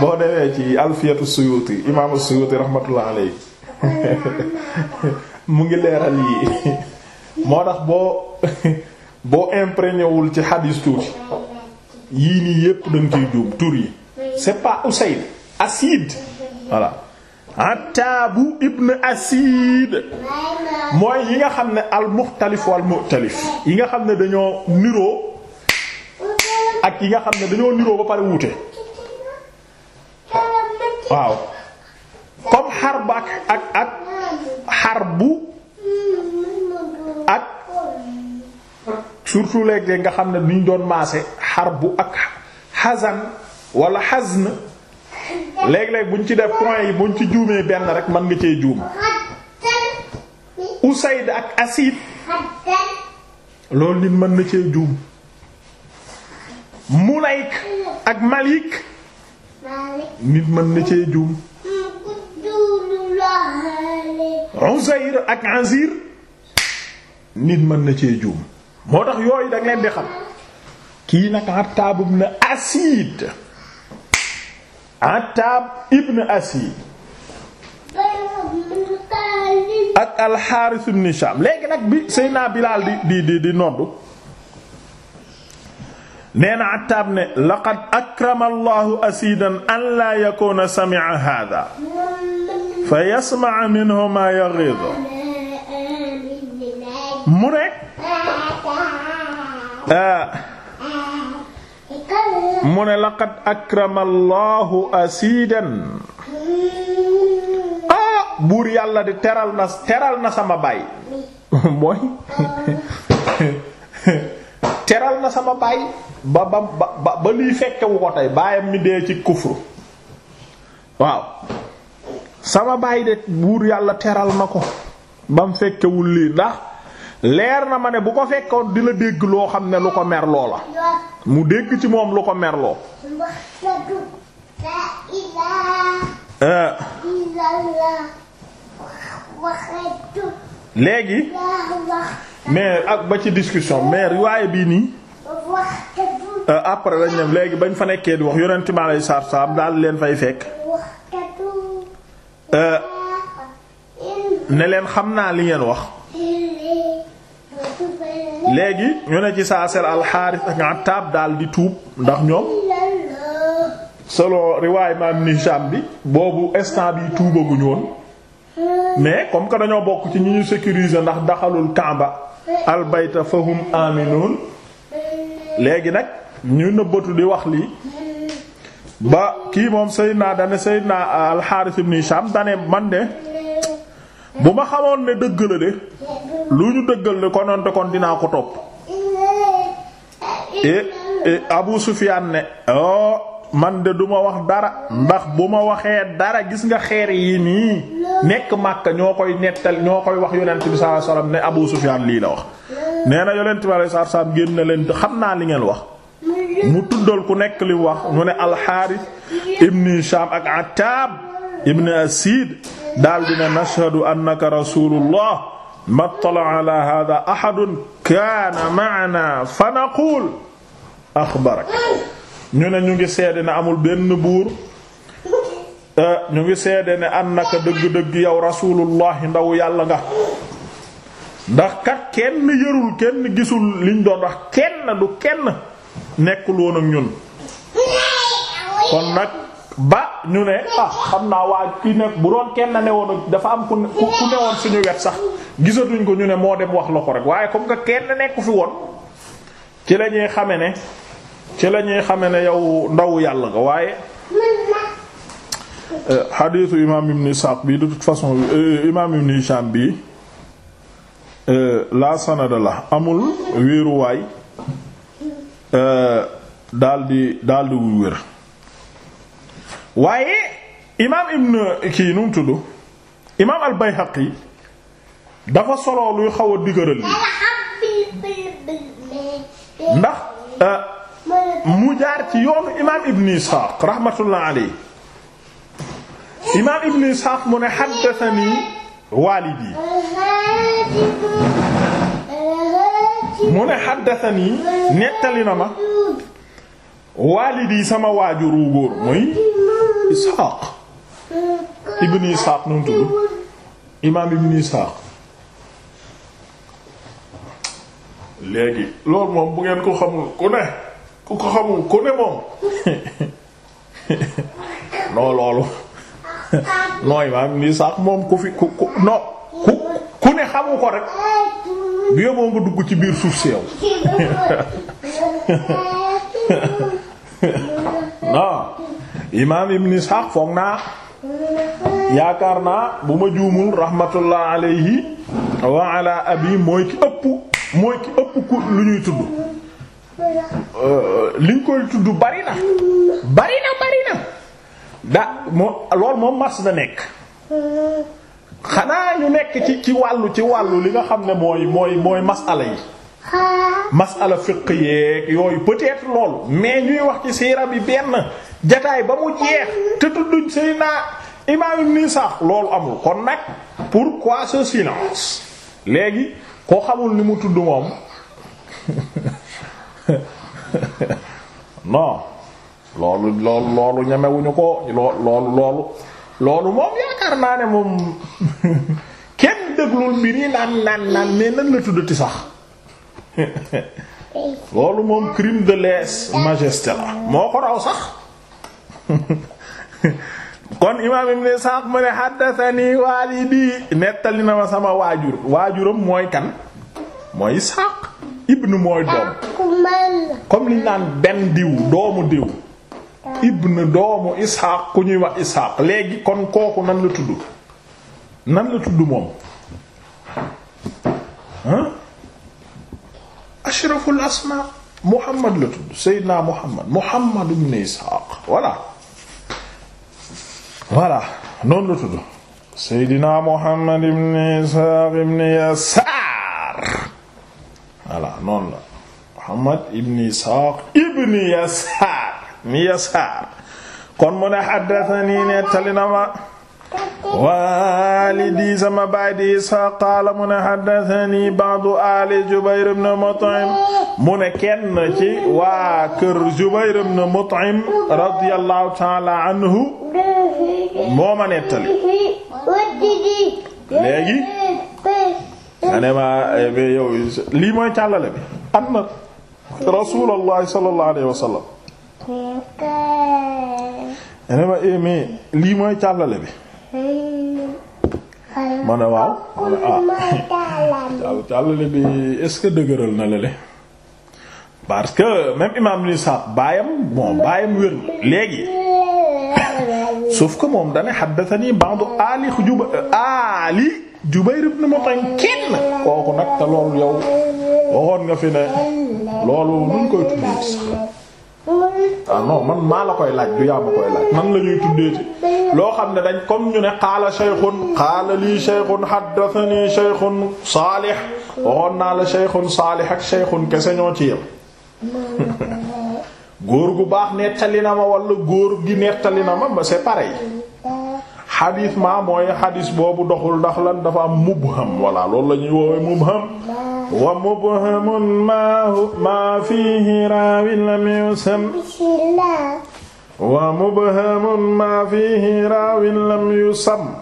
boo demee ci Alfiyatu Suyuuti imaamu Suyuuti rahmatullah alayhi mu ngi leeral yi moo tax boo boo imprégné ci xadiis tuuti yii nii yépp danga ciy juum tur yi c'est pas Usayd Asid voilà Attaabu ibn Asid mooy yi nga xam ne al muxtalif wal muxtalif yi nga xam ne dañoo niroo ak yi nga xam ne dañoo niroo ba pare wuute waaw comme xarb ak ak ak xarbu ak surtout léeg nga xam ne ni ñu doon maase xarbu ak xazan wala hazn léeg-léeg buñ ci def point yi buñ ci juumee benn rek mën nga cee juum usayd ak asid loolu nit mën na cee juum mulayk ak malik nit mën na cee juum uzayr ak azir nit mën na cee juum moo tax yooyu da leen di xam kii nag Attab ibn Asid Attaab ibn Asiid ak Al-Haaris ibn Shaam léegi nag bi Seydina Bilaal di di di nodd nee na Attaab ne laqad akrama Allahu asiidan an laa yakuuna sami'a haadaa fa yasma'a minhu maa yaghiidu mu ne mu ne laqad akrama allahu asiidan ah buur yàlla di teral na teral na sama baay mooy teral na sama baay ba ba ba ba liy fekkewu ko tey baayam mi dee ci kufru waaw sama baay de buur yàlla teral na ko bam fekkewul lii ndax leer na ma ne bu ko fekkoon dina dégg loo xam ne lu ko merloo la mu dégg ci moom lu ko merloo eh. léegi mais ak ah, ba ci discussion mais riwaaye bii nii eh, après lañ ne léegi bañ fa nekkee di wax yonent mi alayhi salaatu salaam daal leen fay fekk eh, ne leen xam naa li ngeen wax léegi ñu ne ci saa sel alxaaris ak Attaab daal di tuub ndax ñoom selon riwaay Imaam Hisham bi boobu instant bi tuubaguñu woon mais comme que dañoo bokk ci ñi ñu sécuriser ndax daxalul Kaaba albayta fahum aminun léegi nag ñu nëbbatu di wax lii ba kii moom naa dane Seydina naa ibn Hisham dane man de bu ma xamoon ne dëgg la de lu ñu dëggal ne konoon kon dinaa ko topp e Abu Sufyaan ne oh man de duma wax dara ndax bu ma waxee dara gis nga xeer yi nii nekk Makka ñoo koy nettal ñoo koy wax yonent bi sallallahu alayhi ne Abu Sufyaan lii la wax nee na yonent bi sallallahu alayhi wasallam génn na leen xam naa li ngeen wax mu tuddal ku nekk li wax mu ne Al Haaris ibn Hishaam ak Attaab ibn Asid daal dina nashhadu annaka rasulullah mattala ala hada ahadun kaana maana fa naqul axbarak ñu ne ñu ngi seede ne amul benn buur eh, ñu ngi seede ne annaka dëgg-dëgg yow rasulullah ndaw yàlla nga ndax kat kenn yërul kenn gisul liñ doon wax kenn du kenn nekkul woon ak ñun kon nag ba ñu ne ah xam naa waa ki ne bu doon kenn ne woon dafa am ku ku ne woon suñu wet sax gisatuñ ko ñu ne moo dem wax la ko rek waaye comme que kenn nekku fi woon ci lañuy xame ne ci la ñuy xame ne yow ndaw yàlla nga waaye euh, xadiisu imaam ibn Isaaq bi de toute façon euh, imaam ibn Hishaam bi euh, la sanada la amul wéeruwaay daldi daldi wu wér waaye imaam ibn kii nu mu tudd imaam al Bayhaqi dafa solo luy xaw a digëral lii ndax euh, mu jaar ci yoonu imaam ibn Isxaaq rahmatullah alayhi imaam ibn Isxaaq mu ne haddathani waalidi mu ne haddathani nettali na ma waalidi sama waajuru góor mooy Isxaaq ibn Isxaaq nu mu imaam ibn Isxaaq léegi loolu moom bu ngeen ko xamul ku ne ku ko xamul ku ne moom non loolu non imaam ibn Isxaaq moom ku fi ku ku non ku ku ne xamu ko rek bi yow moom nga dugg ci biir suuf si yow imaam ibn Ishaq foog naa yaakaar naa bu ma juumul rahmatullah alayhi wa ala abi mooy ki ëpp mooy ki ëpp ku lu ñuy tudd euh, liñ koy tudd bari na bari na bari na da moom loolu moom mas na nekk xanaa ñu nekk ci ci wàllu ci wàllu li nga xam ne mooy mooy mooy masala yi masala fiq yeeg yooyu peut-être loolu mais ñuy wax ci siira bi benn jataay ba mu jeex te tudduñ sëy naa imaam ibn Isaaq loolu amul kon nag pourquoi ce silence léegi koo xamul ni mu tudd moom non loolu loolu loolu ñemewuñu ko loolu loolu loolu moom yaakaar naa ne moom kenn déglul mbir yi naan naan naan mais nan la tuddati sax loolu moom crime de lèse-majesté la moo ko raw sax kon imaam ibn Isaaq mu ne haddathani walidi nettali na ma sama waajur waajuram mooy kan mooy Isaaq ibnu mooy doom comme liñ naan benn diw doomu diw ibnu doomu Isaaq ku ñuy wax Isaaq léegi kon kooku nan la tudd nan la tudd moom ashraful asmaa Muhammad la tudd Seydina Muhammad Muhammad ibn Isxaaq voilà voilà noonu la tudd Seydina Muhammad ibn Isxaaq ibn Yasaar voilà noonu la Muhammad ibn Isxaaq ibn Yasaar ibn Yasaar kon mu ne haddathanii nettali na ma waalidi sama baay di Isxaaq qaala mu ne haddathani ba'du aali Jubayr ibn Mut'im mu ne kenn ci waa kër nettali léegi nga ne ma eh, yow lii mooy càllale bi anna Rasuulullahi sallallahu alayhi wa sallam nga ne ma eh, lii mooy càllale ma ne waaw ah càllale bi est-ce que dëgëral na parce que même imam ni saab baayam bon baayam wér léegi sauf que moom dane xaddatani ba'du ali juba ali Jubayr ibn Mut'im kenn kooku nag te loolu yow waxoon nga fi ne loolu nu koy tuddee sax ah non man maa la koy laaj du yaa ma koy laaj man la ñuy tuddeeti loo xam ne dañ comme ñu ne qaala shaykhun qaala lii shaykhun haddathani shaykhun saalih waxoon naa la shaykhun saalih ak shaykhun kese ñoo ci yem góor gu baax nettali na ma wala góor gi nettali na ma c'est pareil xadis ma mooy xadis boobu doxul ndax lan dafa am mubham walla loolu la ñuy woowe mubham wa mubhamun ma fihi raawin lam yusam wa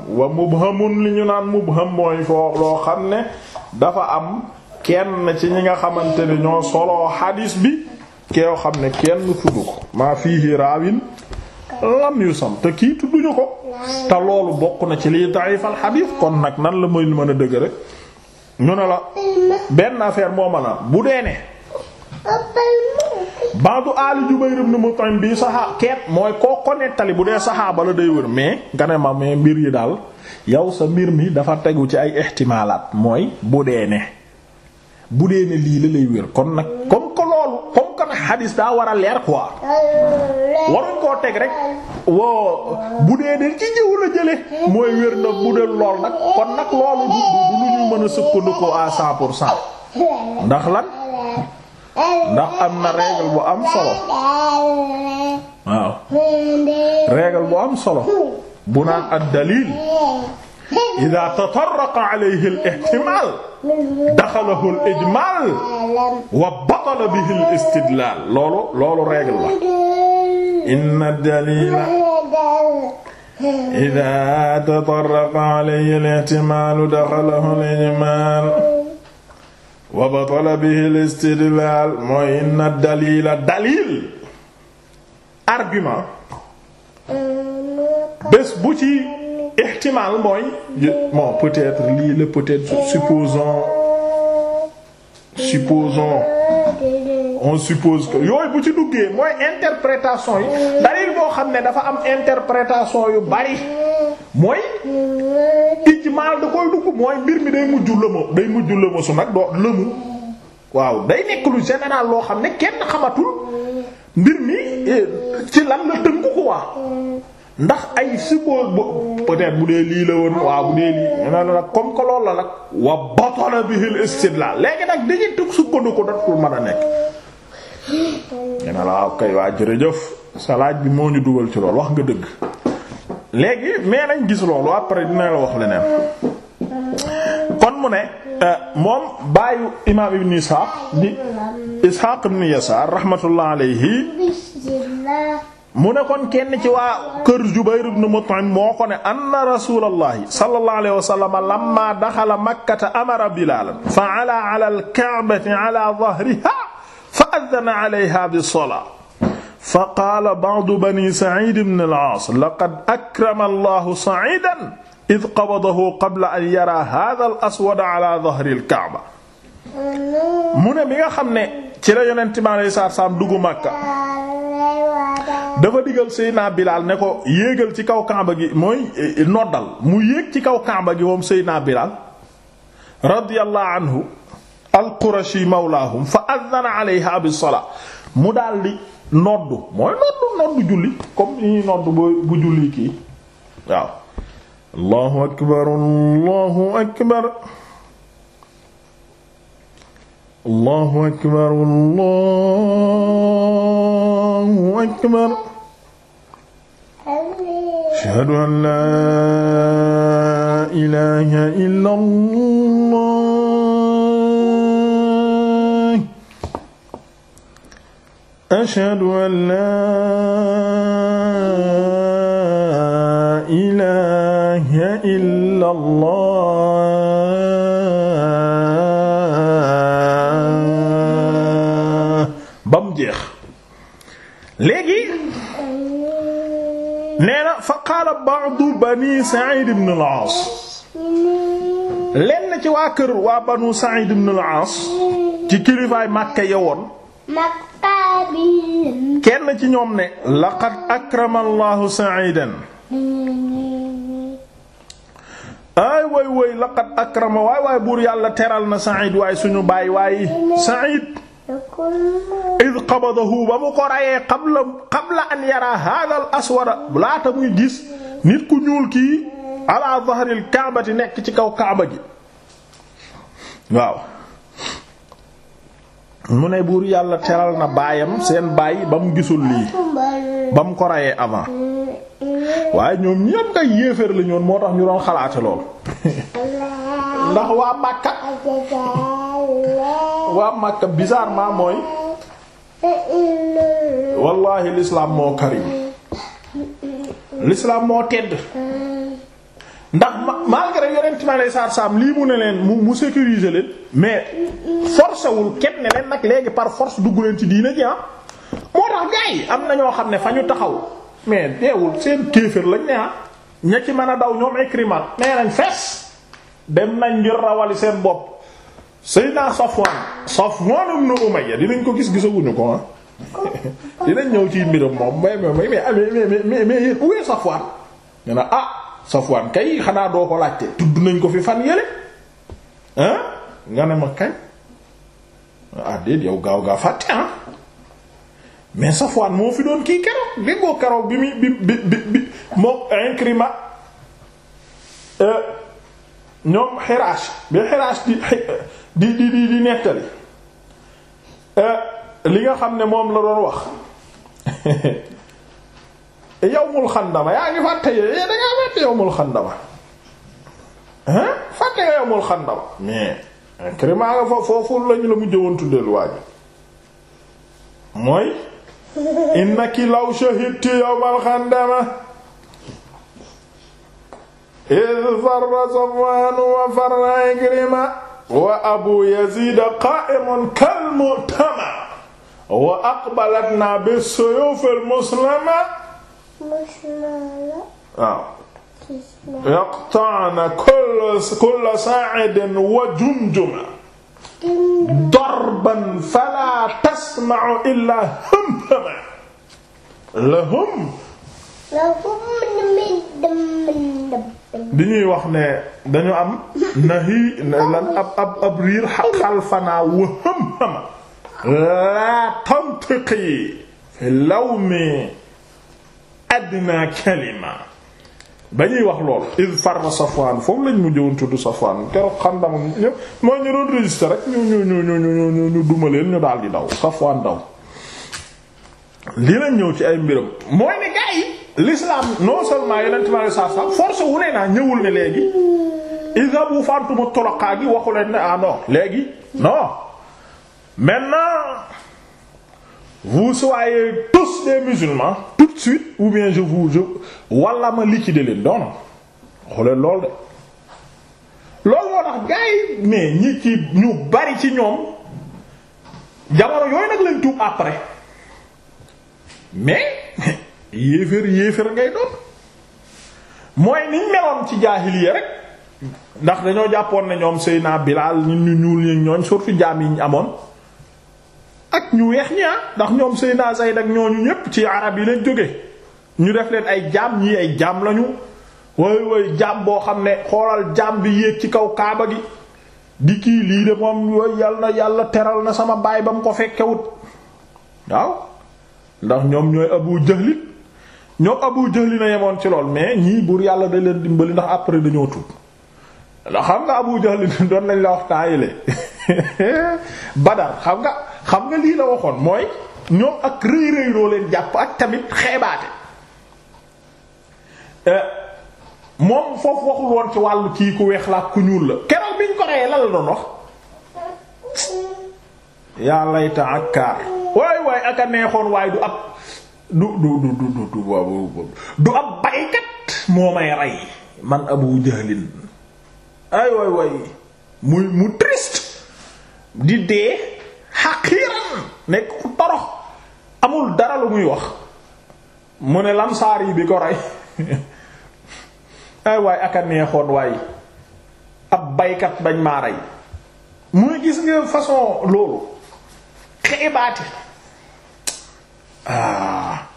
wa mubhamun li ñu naan mubham mooy foo loo xam ne dafa am kenn ci ñi nga xamante ne ñoo solo xadis bi keew xam ne kenn tudd ko ma fihi raawin lam yu sam te kii tudduñu ko te loolu bokk na ci liy da'ifal hadith kon nag nan la mooy mën a dëgg ñu ne la benn affaire moo mën a bu dee ne baadu Ali Jubayr ibn Mut'im bi saxaa keet mooy koo ko nettali bu dee saxaaba la day wër mais nga ne ma mais mbir yi daal yow sa mbir mi dafa tegu ci ay ihtimaalaat mooy bu dee ne bu dee ne lii la lay wër kon nag comme que loolu nag daa war a leer quoi waroon koo teg rek woo bu dee de ci ñëw la jële mooy wér na bu dee lool nag kon nag loolu du lu mën a sukkandikoo à cent pour cent ndax lan ndax am na règle bu am solo waaw règle bu am solo bu naan ad dalil idaa tatarraqa alayhi al-ihtimaal daxalahu al-ijmaal wa batala bihi al-istidlaal loolu loolu règle la inna ad-daliila idaa tatarraqa alayhi al-ihtimaal daxalahu al-ijmaal wa batala bihi al-istidlaal mooy inna ad-daliila daliil argument bés bu ci ihtimaal mooy bon peut-être lii être supposons supposons on suppose que yooyu bu ci duggee mooy interprétation yi dalil boo xam ne dafa am interprétation yu bari mooy ijmaal da koy dugg mooy mbir mi day mujj lëma day mujj lëma su nag doo lëmu waaw day nekk lu général loo xam ne kenn xamatul mbir mi eh, ci lan la tënku ko waa ndax ay suppose bu peut bu dee lii la woon waaw bu dee lii ñu ne nag comme que loolu la nag wa batala bihil istidlal léegi nag dañuy tug sukkandiku dootul mën a nekk ñu ne la waaw ah, kay waa jërëjëf sa bi moo ñu dugal ci loolu wax nga dëgg léegi mais nañ gis loolu après dina la wax leneen kon mu ne euh, moom baayu imaam ibn Ishaq di Ishaq ibn Yasaar alayhi mu ne kon kenn ci waa kër Jubayr ibn Mut'im moo ko ne anna rasulallahi sallallahu alayhi wa sallam lamma daxala makkata amara Bilaalan fa ala ala al-ka'bati ala dhahriha fa adhana alayha bis-salaa fa qaala ba'du bani Sa'id ibn al-Aas laqad akrama Allahu Sa'idan idh qabadahu qabla an yara hadha al-aswada ala dhahri al-ka'ba mu ne bi nga xam ne ci la yonent mi alayhi salaatu salaam dugg Makka dafa digal Seydina Bilal ne ko yéegal ci kaw Kaaba gi mooy eh, noddal mu yéeg ci kaw Kaaba gi moom Seydina Bilal radiyallahu anhu al-Qurashi mawlaahum fa adhana alayha bis-salaa mu daldi noddu mooy noddu noddu julli comme ni noddu bu julli kii waaw allahu akbar allahu akbar allahu akbar allahu akbar ashhadu an laa ilaaha illa allah ashhadu an laa ilaaha illa allah qaala ba'du bani Sa'id ibn al lenn ci waa kër waa banu Sa'id ibn al-Aas ci kilifaay Makka yewoon kenn ci ñoom ne laqad akrama Allahu Sa'idan ay way way laqad akrama waay waay buur yàlla teral na Sa'id waay suñu baay waay Sa'id id qabadahu ba mu ko rayee qabla qabla an yara hadha al aswada laata muy gis nit ku ñuul kii ala zahril kaabati nekk ci kaw kaaba gi waaw mu ne buur yàlla teral na baayam seen baay ba mu gisul lii ba mu ko rayee avant waaye ñoom ñépp ay yéeféer ñoon moo tax ñu doon xalaate lool ndax waa Makka waa Makka bizarrement mooy wallahi l'islam moo karim l'islam moo tedd ndax malgré yonent mi alayhi salaatu salaam lii mu ne leen mu mu sécuriser leen mais forcé wul kenn ne leen nag léegi par force dugg leen ci diina ji ah moo tax gars am na ñoo xam ne fa ñu taxaw mais deewul seen kéefër lañ ne ah ña ci mën a daw ñoom Ikrima nee nañ fees dem nañ ngir seen bopp Seydina Safwan Safwan ibn Umayya dinañ ko gis gisaguñu ko ah dinañ ñëw ci mbiram moom mais mais mais mais mais yéen où est Safwan ñu ah Safwan kay xanaa doo ko laajte tudd nañ ko fi fan yële ah nga ne ma kañ ah déedéet yow gaaw fàtte ah mais Safwan moo fi doon kii keroog déggoo keroog bi muy bi bi bi moom Ikrima euh, ñoom Xiraas bi Xiraas di. di di di di nettali eh, li nga xam ne moom la doon wax yawmul xandama yaa ngi fàtte yooyu da xandama hein fàtte nga yawmul xandama mais Ikrima nga fa foofu lañu la mujj woon tuddeel waaju mooy innaki law shahidti yawmal xandama iz wa abu yazid qa'imun kal mu'tama wa aqbalatna bi suyuf al muslama waaw yaqta'na kulla sa'idin wa jumjuma darban fala tasma'u illa hamhama lahum bi ñuy wax ne dañu am nahi lan ab ab ab riir xalfanaa wahamhama laa tantiqi fi lawmi adna kalima ba ñuy wax lool il farra Safwaan foofu lañ mu jëwoon tudd Safwaan keroog xandam ñëpp mooy ñu doon registré rek ñu ñu ñu ñu ñu ñu duma leen ñu daal di daw Safwaan daw li lañ ñëw ci ay mbiram mooy ne gaa yi l'islam non seulement yonent bi alayhi salaam force wu ne naa ñëwul ne léegi idhabu fantuma toloqaa gi waxu leen ne ah non léegi non maintenant vous soyez tous des musulmans tout de suite ou bien je vous je wala ma liquider leen non waxu leen lool de loolu moo tax gaa yi ñi ci ñu bari ci ñoom jamono yooyu nag lañ tuub après. mais yéeféer yéeféer ngay doon mooy niñ meloon ci jaahiliya rek ndax dañoo jàppoon ne ñoom Seyna Bilaal ñun ñu ñuul ñi ñooñ surtout jaam yi ñu amoon ak ñu weex ñi ah, ndax ñoom Seyna Zayd nag ñooñu ñépp ci arab yi lañ jóge ñu def leen ay jaam ñii ay jaam lañu way way jaam boo xam ne xoolal jaam bi yéeg ci kaw kaaba gi di kii lii de moom yooyu yàlla na yàlla teral na sama baay ba mu ko fekkewut waaw ndax ñoom ñooy abu jahlit ñoo abu jahli na yemoon ci lool mais ñii buur yàlla da leen dimbali ndax après dañoo tuub ndax xam nga abu jahli doon lañ la wax taayile badar xam nga xam nga lii la waxoon mooy ñoom ak rëy rëy loo leen jàpp ak tamit xeebaate euh, moom foofu waxul woon ci wàllu kii ku weex la ku ñuul la keroog biñ ko reyee la la doon wax yàllay ta akkaar waay waay ak a neexoon waay du ab du du du du du du du ab baykat moo may rey man Abu Jahlin ay waay waay muy mu triste di dee xaqiiran nekk ku torox amul dara lu muy wax mu ne lamsaar yi bi ko rey ay waay ak a neexoon waay ab baykat bañ maa rey muy gis nga façon loolu xeebaate ah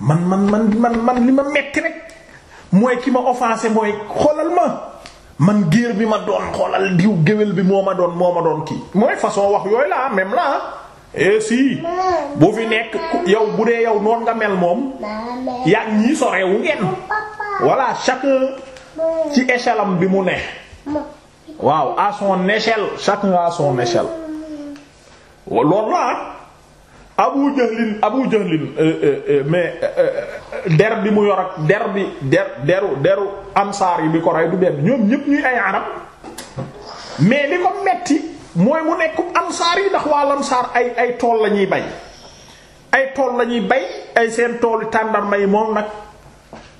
man man man man man li ma metti rek mooy ki ma offensé mooy xoolal ma man géer bi ma doon xoolal diw géwél bi moo ma doon moo ma doon kii mooy façon wax yooyu la même la eh si boo fi nekk yow bu dee yow noon nga mel moom yaa ñii sorewu ngeen voilà chacun ci échelle am bi mu ne waaw à son échelle chacun à son échelle loolu abu jahlin abu jahlin euh, euh, euh, mais der bi mu yor ak der bi der deru deru ansaar yi bi ko rey du benn ñoom ñépp ñuy ay arab mais li ko metti mooy mu nekk ansaar yi ndax waa ansaar ay ay tool la ñuy bay ay tool la bay ay seen tool tàndarma yi moom nag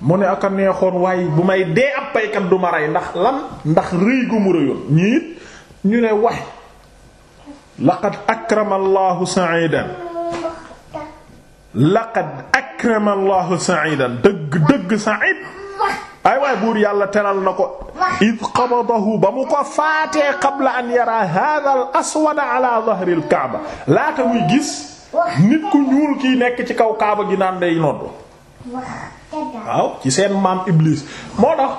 mu ne ak a neexoon waaye bu may dee ab paykat du ma rey ndax lan ndax rëy gu mu rëyoon ñii ñu ne wax laqad akrama allahu sa'idan laqad akrama allahu sa'idan dëgg dëgg sa'id ay waay buur yàlla teral na ko id qabadahu ba mu ko faatee qabla an yara hadha al ala dhahri al kaaba laata muy gis nit ku ñuul kii nekk ci kaw kaaba gi naan day nodd waaw ci seen maam iblis moo tax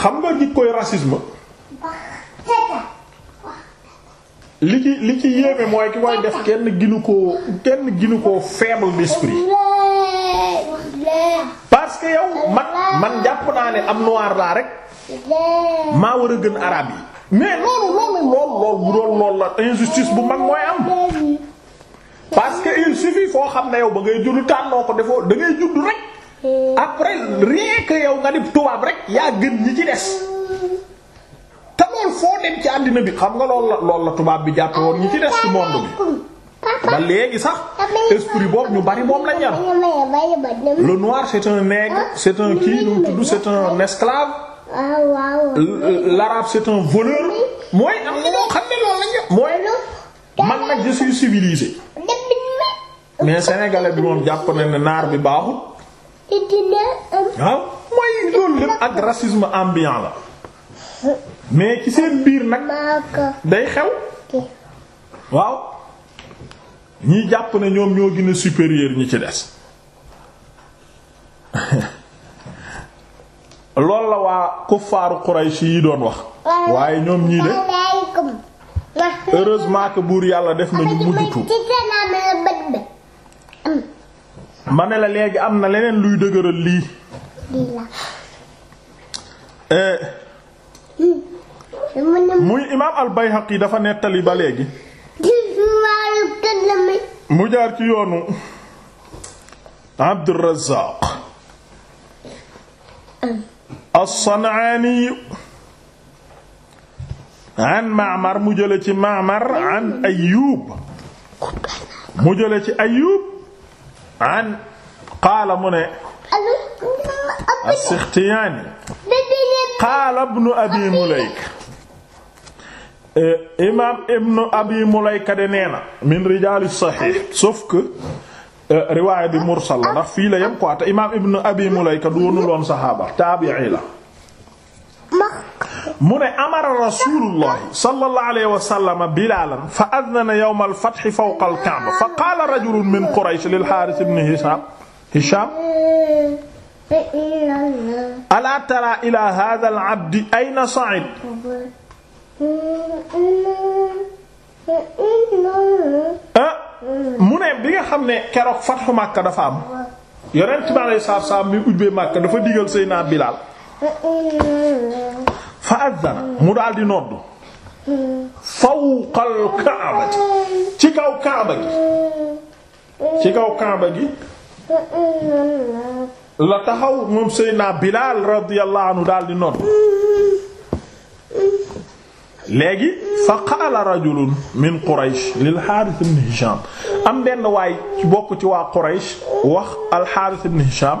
xam nga jikkoy racisme li ci li ci yéeme mooy ki koy def kenn ginu koo kenn ginu koo faible d'esprit parce que yow man man jàpp naa ne am noir laa rek maa war a gën arab yi mais loolu loolu lool lool bu doon la injustice bu mag mooy am parce que il suffit foo xam ne yow ba ngay juddu tànnoo ko defoo da ngay juddu rek après rien que yow nga di tubaab rek yaa gën ñi ci des ci àddina bi xam nga lool la tubaab bi jàppe woon ñi ci des ci monde bi ba léegi sax esprit boobu ñu bari moom lañ yar le noir c'est un nègre c'est un kii nu tudd c'est un esclave l'arabe c'est un voleur mooy am na ñoo xam civilisé mais sénégalais bi moom jàpp na ne naar bi baaxul waaw um, ah, mooy loolu lépp ak racisme ambiant la mais ci seen biir nag day xew waaw ñi jàpp ne ñoom ñoo gën a supérieur ñi ci des loolu la waa kuffaaru Quraysh yi doon wax waaye ñoom ñii de heureusement que buur yàlla def nañu mujj ma ne la léegi am na leneen luy dëgëral lii muy imaam al-Bayhaqi dafa nettali ba léegi. mu jaar ci yoonu. Abdurrazzaq as-San'aani an Ma'mar mu jële ci Ma'mar an Ayyub mu jële ci Ayyub an qaala mu ne as-Sikhtiyani qaala ibnu Abi Mulayk Euh, imaam ibnu abi mulayka de nee na min rijaali saxiix sauf que euh, riwaaya bi mursal la ndax fii la yem quoi te imaam ibnu abi mulayka doonu loon saxaaba taabi'i la mu ne amara rasulullahi sallallahu alayhi wa sallam bilaalan fa adnana yawma al-fathi fawqa al-ka'ba fa qaala rajulun min quraysh lil haaris ibn hisaam hisaam alaa taraa ilaa haadha al-abdi ayna sa'id Ah, mu ne bi nga xam ne keroog fatxu Makka dafa am yonent bi alayhi salaatu salaam bi ubbee Makka dafa digal Seydina Bilaal fa azzana mu daal di nodd fawqal kaaba ji ci kaw kaaba gi ci kaw kaaba gi la taxaw moom Seydina Bilaal radiyallahu anhu daal di nodd léegi fa qaala rajulun min Quraysh lil Haaris am benn waay bokk ci waa Quraysh wax al Haaris ibn Hisham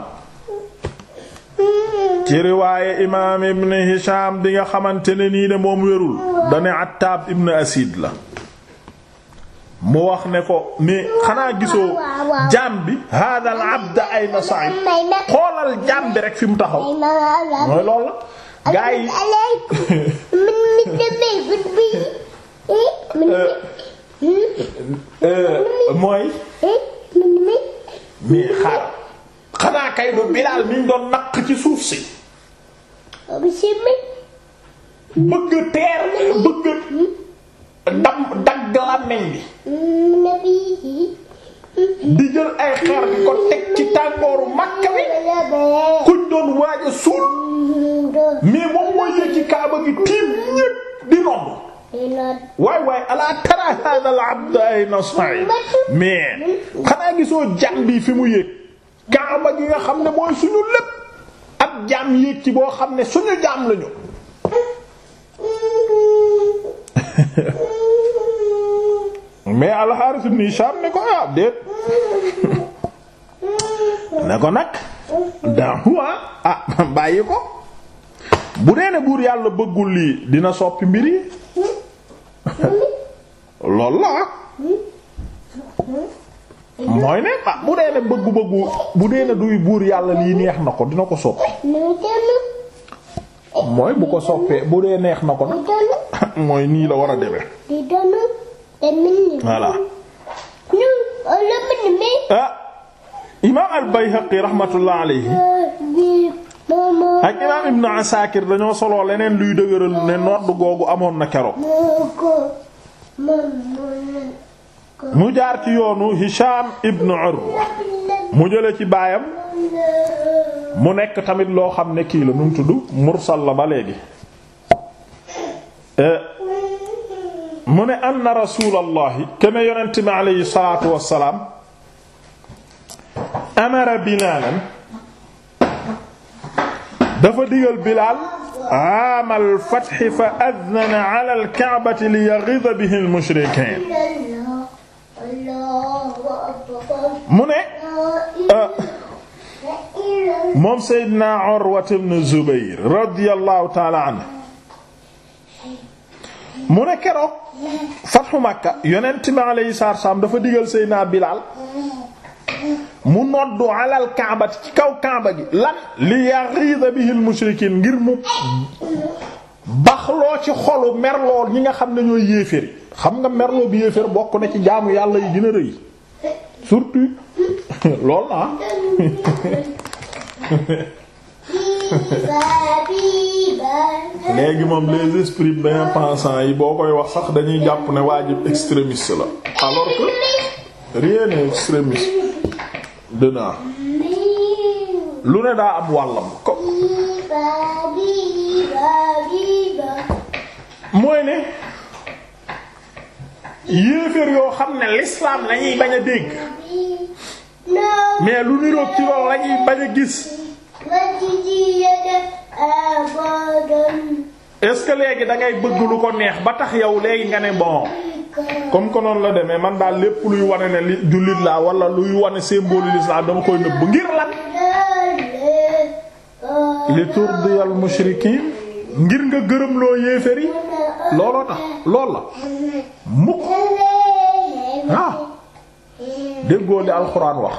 ci riwaaye imaam ibn Hisham di nga xamante ne nii de moom wérul dane Attaab ibn Asiid la mu wax ne ko mais xanaa gisoo jaam bi haadal abd ayna sa'id xoolal jaam bi rek fi mu taxaw mooy loolu la gaa yi euh, mooy mais xaar xanaa kay du Bilaal mi ñu doon naq ci suuf si bëgg teer bëgg dam dagg làmmiñ bi di jël ay xeer di ko teg ci tàngooru Makka wi kuñ doon waaj a mais moom mooy yëg ci Kaaba gi tiim ñépp di romb waay waay alaa tara hada al mais xanaa gisoo jàmm bi fi mu yëg Kaaba gi nga xam ne mooy suñu lépp ab jàmm yëg ci boo xam ne suñu jàmm lañu mais alxaaris ibn Hishaam ne ko ah déet ne ko nag dahuwa ah bàyyi ko bu dee ne buur yàlla bëggul lii dina soppi mbir yi lool la mooy ne ah, bu dee ne bëggu bëggu bu dee ne duy buur yàlla lii neex na ko dina ko soppi mooy bu ko soppee bu dee neex na ko nag mooy nii la war a deme voilà. ah imaam al-Bayhaqi rahmatullah alayhi euh, ak imaam Ibn Asakir dañoo soloo leneen luy dëgëral ne nodd googu amoon na kero mu jaar ci yoonu Hisham Ibn Urwa mu jële ci baayam mu nekk tamit loo xam ne kii la nu tudd mursal la ba léegi. Euh, mu ne anna rasulallahi kene yonent bi aleyhi salaatu wassalaam amara bilaalan dafa digal bilaal aamal fatxi fa adana ala alkaabati li yaghida bihi almushrikiin mu ne ah, moom Seydina Urwa ibn Zubayr radiyallahu ta'ala anhu mu ne keroog fatxu Makka yonent yi alayhi salaam dafa digal Seydina Bilaal mu noddu alal kaaba ci kaw kaaba gi lan li yaghida bihi al ngir mu baxloo ci xolu merloo ñi nga xam ne ñooy yéeféer xam nga merloo bi yéeféer bokk na ci jaamu yàlla yi gën a rëy surtout lool naa ah. léegi moom les esprits bien pensants yi boo koy wax sax dañuy jàpp ne waajib extrémiste la alors que lu ne daa am wàllam ko mooy ne yéeféer yoo xam ne l'islam lañuy bañ a dégg mais lu niroog ci loolu lañuy bañ a gis est-ce que léegi da ngay bëgg lu ko neex ba tax yow léegi nga ne bon comme que noonu la demee man daal lépp luy wone ne li jullit laa wala luy wane symbole l'islam dama koy nëbb ngir lan. li turdiyal mushrikiin ngir nga gërëm loo yéefar yi looloo tax lool la mukk ah. déggoo li alxuraan wax.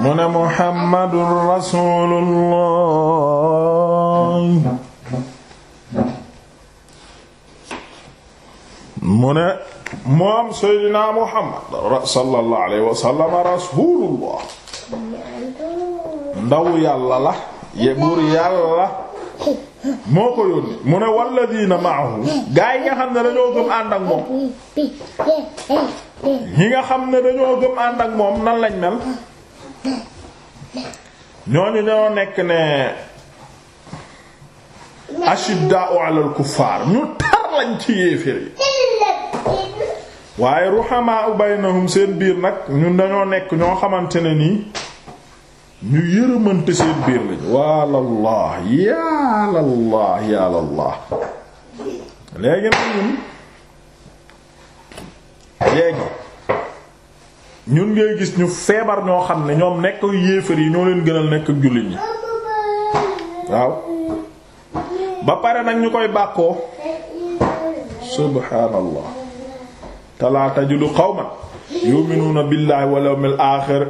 mu ne muhammadun rasulullah mu ne moom seydina muhammad sallallahu alayhi wa sallam ndaw yàlla la yebuur yàlla moo ko yónni mu ne walladina maahu gaa yi nga xam ne dañoo gëm ànd ak moom ñi nga xam ne dañoo gëm ànd ak moom nan lañ mel ñooñu ñoo nekk ne ashiddaa'u alal kuffaar ñu tar ci yéeféer yi waaye ruhamaa baynahum seen biir nag ñu dañoo nekk ñoo xamante ne nii ñu yërëmante seen biir lañu waalallah yaalallah yaalallah léegi nag ñun léegi ñun ngay gis ñu feebar ñoo xam ne ñoom nekk yéefar yi ñoo leen gënal nekk jullit ñi waaw ba pare nag ñu koy bàkkoo subhaanallah ju tajidu qawman yu'minuuna billaahi wal yawmil aaxir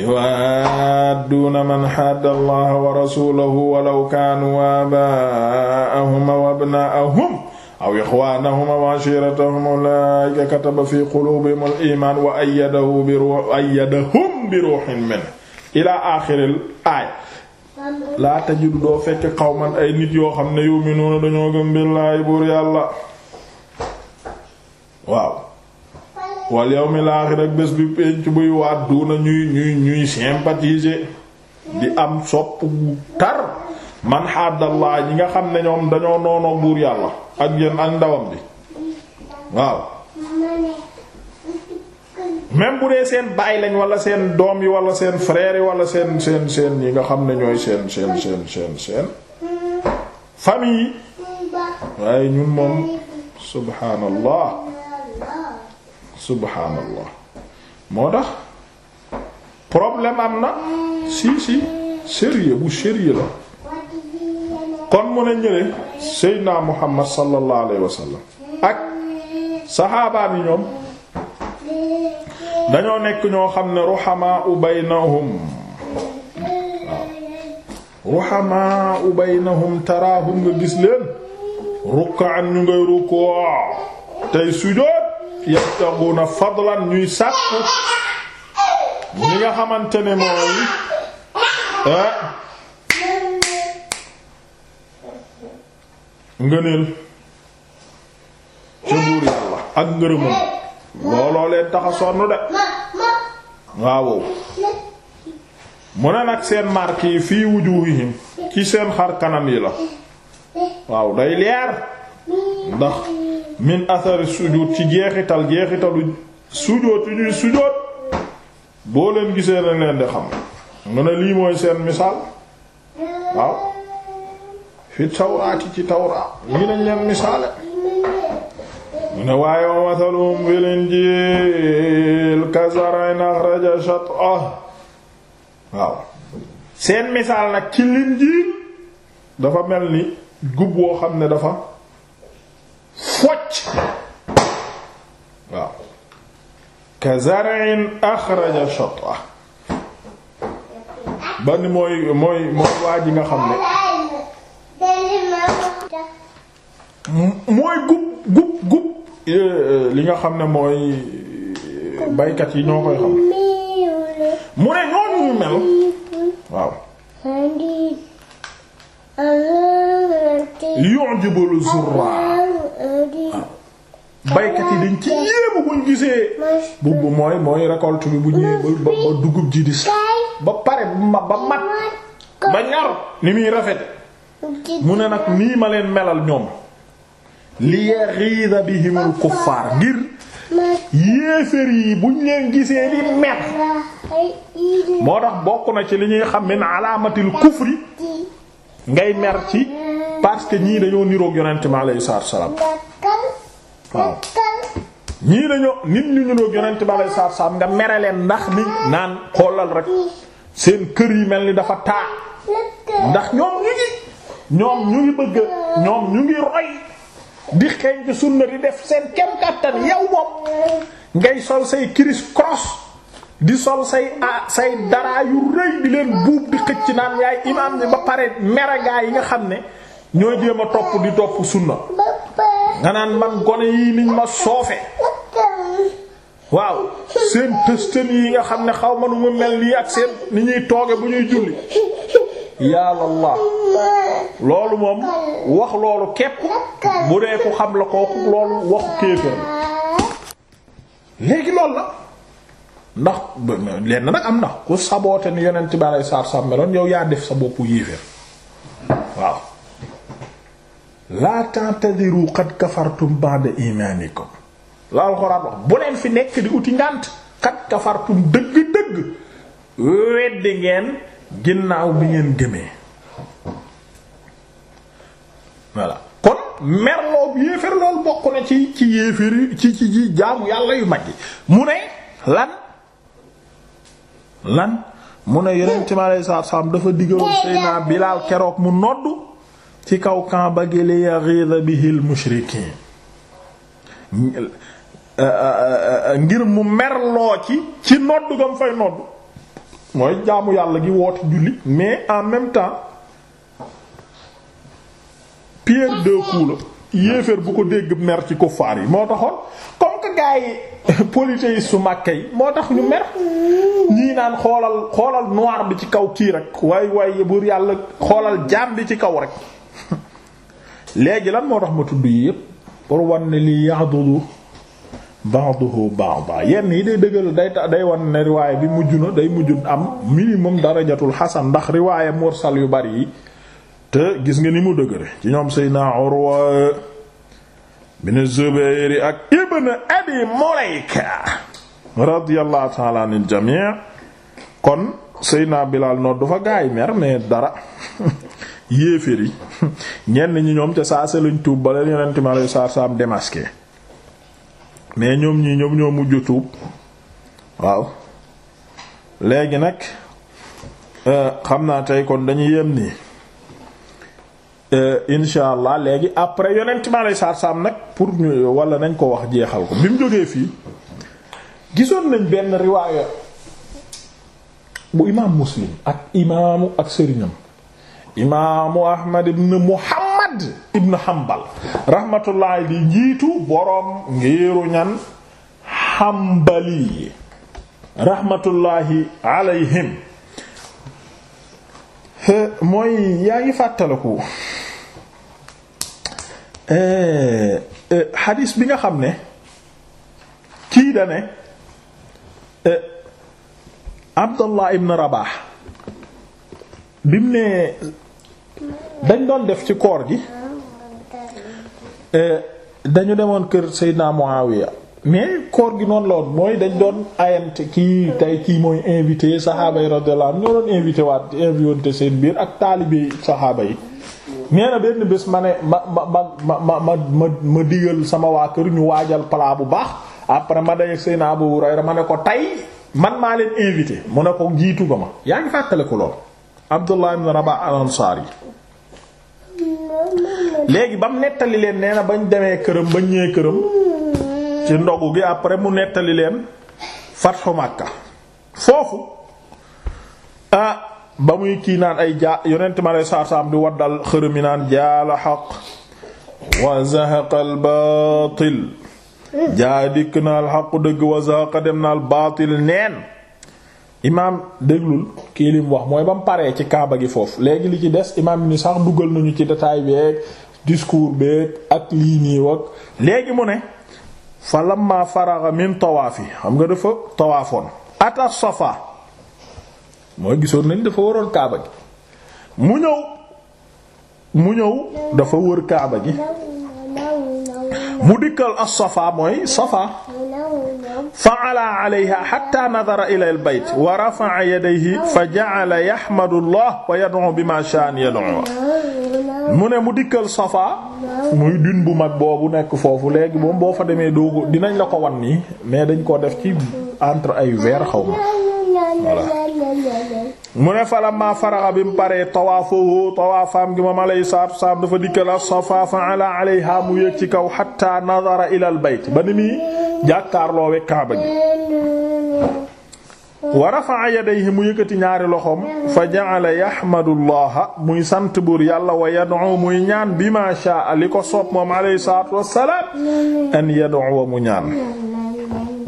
yuwaadduuna man xaadda allaha wa rasuulahu walaw kaanuu aabaa'ahum wa abnaa'ahum aw ixwaanahum wa ashiratahum ulaa'ika kataba fi quluubihim al-iimaan wa ayyadahu bi bi ruuhin minhu ilaa aaxiril aaya laa tajidu doo fekk qawman ay nit yoo xam ne yu'minuuna dañoo gëm billaahi buur yàlla waaw wal yawmil aaxir ak bés bi pénc buy waat duuna ñuy ñuy di am sopp tar man xaddallaa yi nga xam ne ñoom dañoo noonoo buur yàlla ak yéen ak ndawam bi waaw même bu dee seen baay lañ wala seen doom yi wala seen frère yi wala seen seen seen yi nga xam ne ñooy seen seen seen seen seen yi waaye ñun moom subhaanallah subhaanallah moo tax problème am na si si sérieux bu sérieux la kon mu ne ñële seydinaa muhammad sallallahu alayhi wasallam ak saxaabaan yi ñoom dañoo nekk ñoo xam ne ruhamaa baynahum ruhamaa baynahum taraahum nga gis leen rukkaan ñu ngay rukkoo tey sujóot yabtaghuna fadlan ñuy sàkku ñi nga xamante ne mooy ah, ngëneel ca yàlla ak ngërëmam looloo leen taxa sonn de waawow mu ne nag seen marque yi fii wujuhihim ci seen xar kanam yi la waaw day leer ndax min athari sujud ci jeexital jeexitalu sujud yu ñuy sujud boo leen gisee nañ leen di xam mu ne lii mooy seen misaal waaw fi tawraati ci tawraa lii lañ leen misaale mu ne waaye wa mathaluhum fil injiil kazarin axraja waaw seen misaal nag ci linjiil dafa mel ni gub woo xam ne dafa focc waaw kazarin axraja shat'ahu ba ni mooy mooy mooy waa ji nga xam ne mooy gub gub gub euh, euh, li nga xam ne mooy euh, baykat yi ñoo koy xam mu ne noonu ñu mel waaw yu'jibu zurra ah. baykat yi dañ ci yéemu buñ gisee bu bu mooy mooy récolte bi bu ñëwee ba ba dugub ji ba pare ba mat ba ñor ni muy rafet mu ne nag nii ma leen melal ñoom li yaghida bihimul kuffaar ngir yéefér yi buñ leen gisee li mer moo tax bokk na ci li ñuy xam min alaamatil kufri ngay mer ci parce que ñii dañoo niroog yonent mi alayhi salaatu salaam waaw ñii dañoo nit ñu niroog yonent mi nga mere leen ndax ni naan xoolal rek seen kër yi mel ni dafa taa ndax ñoom ñu ngi ñoom ñu ngi bëgg ñoom ñu ngi roy di xeeñ ci sunna di def seen kem kàttan yow moom ngay sol say kiris cross di sol say a say daraa yu rëy di leen buub di xëcc naan yaay imaam ni ba pare meregaa yi nga xam ne ñooy jéem a topp di topp sunna nga naan man gone yii niñ ma soofe waaw seen tëstën yi nga xam ne xaw ma nu mu mel nii ak seen ni ñuy tooge bu ñuy julli yàllallah loolu moom wax loolu képp bu dee ku xam la kooku loolu waxu kéefër léegi loolu la ndax lenn nag am na ku saboote ni yonent bi alei saatu salaam meloon yow yaa def sa bopp yéeféer waaw laa ta'tadiru qad kafartum ba'da imanikum la alxuraan wax bu leen fi nekk di uti ngànt qad kafartum dëgg-dëgg weddi ginnaaw bi ngeen gëmee voilà kon merloo bu yéeféer loolu bokk na ci ci yéeféer yi ci ci ci jaamu yàlla yu mag yi mu ne lan lan mu ne yeneen time alay saa saam dafa digaloon Seydina Bilaal keroog mu nodd ci kaw kan ba gi li yaghidha bihil mushrikiin euh, euh, euh, ngir mu merloo ci ci nodd gam fay nodd mooy jaamu yàlla gi woote julli mais en même temps pierre deux coups yéeféer bu ko dégg mer ci kuffaar yi moo taxoon comme que gars yi politique su Makka yi moo tax ñu mer ñii naan xoolal xoolal noir bi ci kaw kii rek waaye waaye buur yàlla xoolal jaam bi ci kaw rek léegi lan moo tax ma tudd yi yépp pour wan ne lii yaadudu baax baax yenn yi day dëggal day ta day wan ne riwaay bi mujj na day mujj am minimum darajatul xasan ndax riwaaya mursal yu bari yi te gis nga ni mu dëgëre ci ñoom Seydina Urwa bin Zubayr ak ibn Abi Mulayka radiyallahu ta'ala anil kon Seydina Bilaal noot du fa gaay mer mais dara yéeféri ñenn ñi ñoom ca saa sa lañ tuub bale yonent mi alayhi salaam démasqué mais ñoom ñii ñoom ñoo mujj waaw léegi nag euh, xam naa tey kon dañuy yem nii euh, insha allah léegi après yonent ma lay saar saam nag pour ñu wala nañ ko wax jeexal ko bi mu jógee fii gisoon nañ benn riwaaya bu imam muslim ak imaamu ak sëriñam imaamu ahmad ibn Ahmad ibn Hanbal rahmatullahi di njiitu boroom yaa ngi fàttaliku eh, eh, xadiis bi nga xam ne kii da ne eh, Abdallah ibn Rabah bim ne dañ doon def ci koor gi eh, dañu demoon kër naa Seydina Muawiya mais koor gi noonu la woon mooy dañ doon ayante kii tey kii mooy invité saxaaba yi radiyallahu anhum ñoo doon invité waat invité seen biir ak taalibe saxaaba yi nee na bés ma ne ma ma ma ma ma ma sama waa kër ñu waajal palaa bu baax après ma day naa Abu Hurayra ma ne ko tey man maa leen invité mu ne ko jiitu ba ma yaa ngi fàttale ko lool Abdullah ibn Rabah al-Ansari léegi ba mu nettali leen nee bañ demee këram bañ ñëwee këram ci ndogu gi après mu nettali leen fatxu Makka foofu ah ba muy kii naan ay jaa yonent ma lay saar saam di waddal xërëm yi naan jaala xaq wa al baatil jaa dikk na al xaq dëgg wa dem na al baatil neen imaam déglul kii lim wax mooy ba mu paree ci kaaba gi foofu léegi li ci des imaam ni sax dugal nañu ci détail beeg discours beeg ak lii nii wag léegi mu ne fa lamma faraga min tawaafi xam nga dafa tawaafoon ata safa mooy gisoon nañ dafa waroon kaaba gi mu ñëw mu ñëw dafa wër kaaba gi mu dikkal as safa mooy safa fa ala alayha hatta nadara ila al bayt wa rafa'a yadayhi fa ja'ala yahmadu allah wa yad'u bima sha'a yad'u mu ne mu dikkal safa muy dun bu mag boobu nekk foofu léegi moom boo fa demee doogu dinañ la ko wan nii mais dañ ko def ci entre ay weer xaw ma voilà mu ne falamma faraxa bi mu paree tawaafahu tawaafaam gi moom alayhi salaatu wasalaam dafa dikkal as-Safaa fa ala alayha mu yëg ci kaw hatta nazara ila al ba ni muy jàkkaarloowe Kaaba gi wa rafa'a yadayhi mu yëkkati ñaari loxoom fa ja'ala yahmadu muy sant buur yàlla wa yad'u muy ñaan bima sha'a li ko soob moom alayhi salaatu wassalaam an yad'u mu ñaan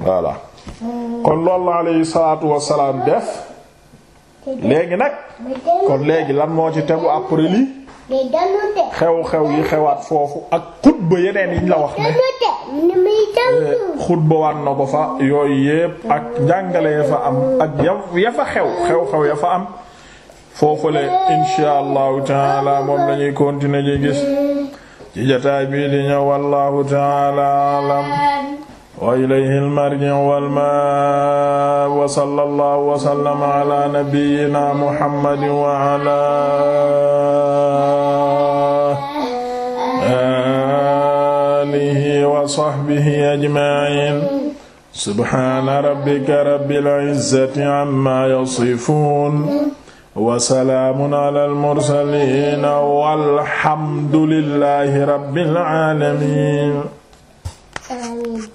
voilà kon loolu la alayhi salaatu wassalaam def léegi nag kon léegi lan moo ci tegu après lii xew-xew yi xewaat foofu ak xutba yeneen yiñ la wax ne eh, xutba waat na ko fa yooyu yépp ak njàngale ya fa am ak ya fa xew xew-xew ya fa am foofu foofule insha allahu taala moom lañuy continuer ji gis ci jotaay bii di ñëw wallahu taala alam wa ilayhi al-marji'u wal ma'aab wa sallallahu wa sallama ala nabiyyina muhammadin wa ala alihi wa sahbihi ajma'in subhana rabbika rabbil izzati amma yasifun wa salaamun ala al-mursaliin walhamdulillahi rabbil aalamiin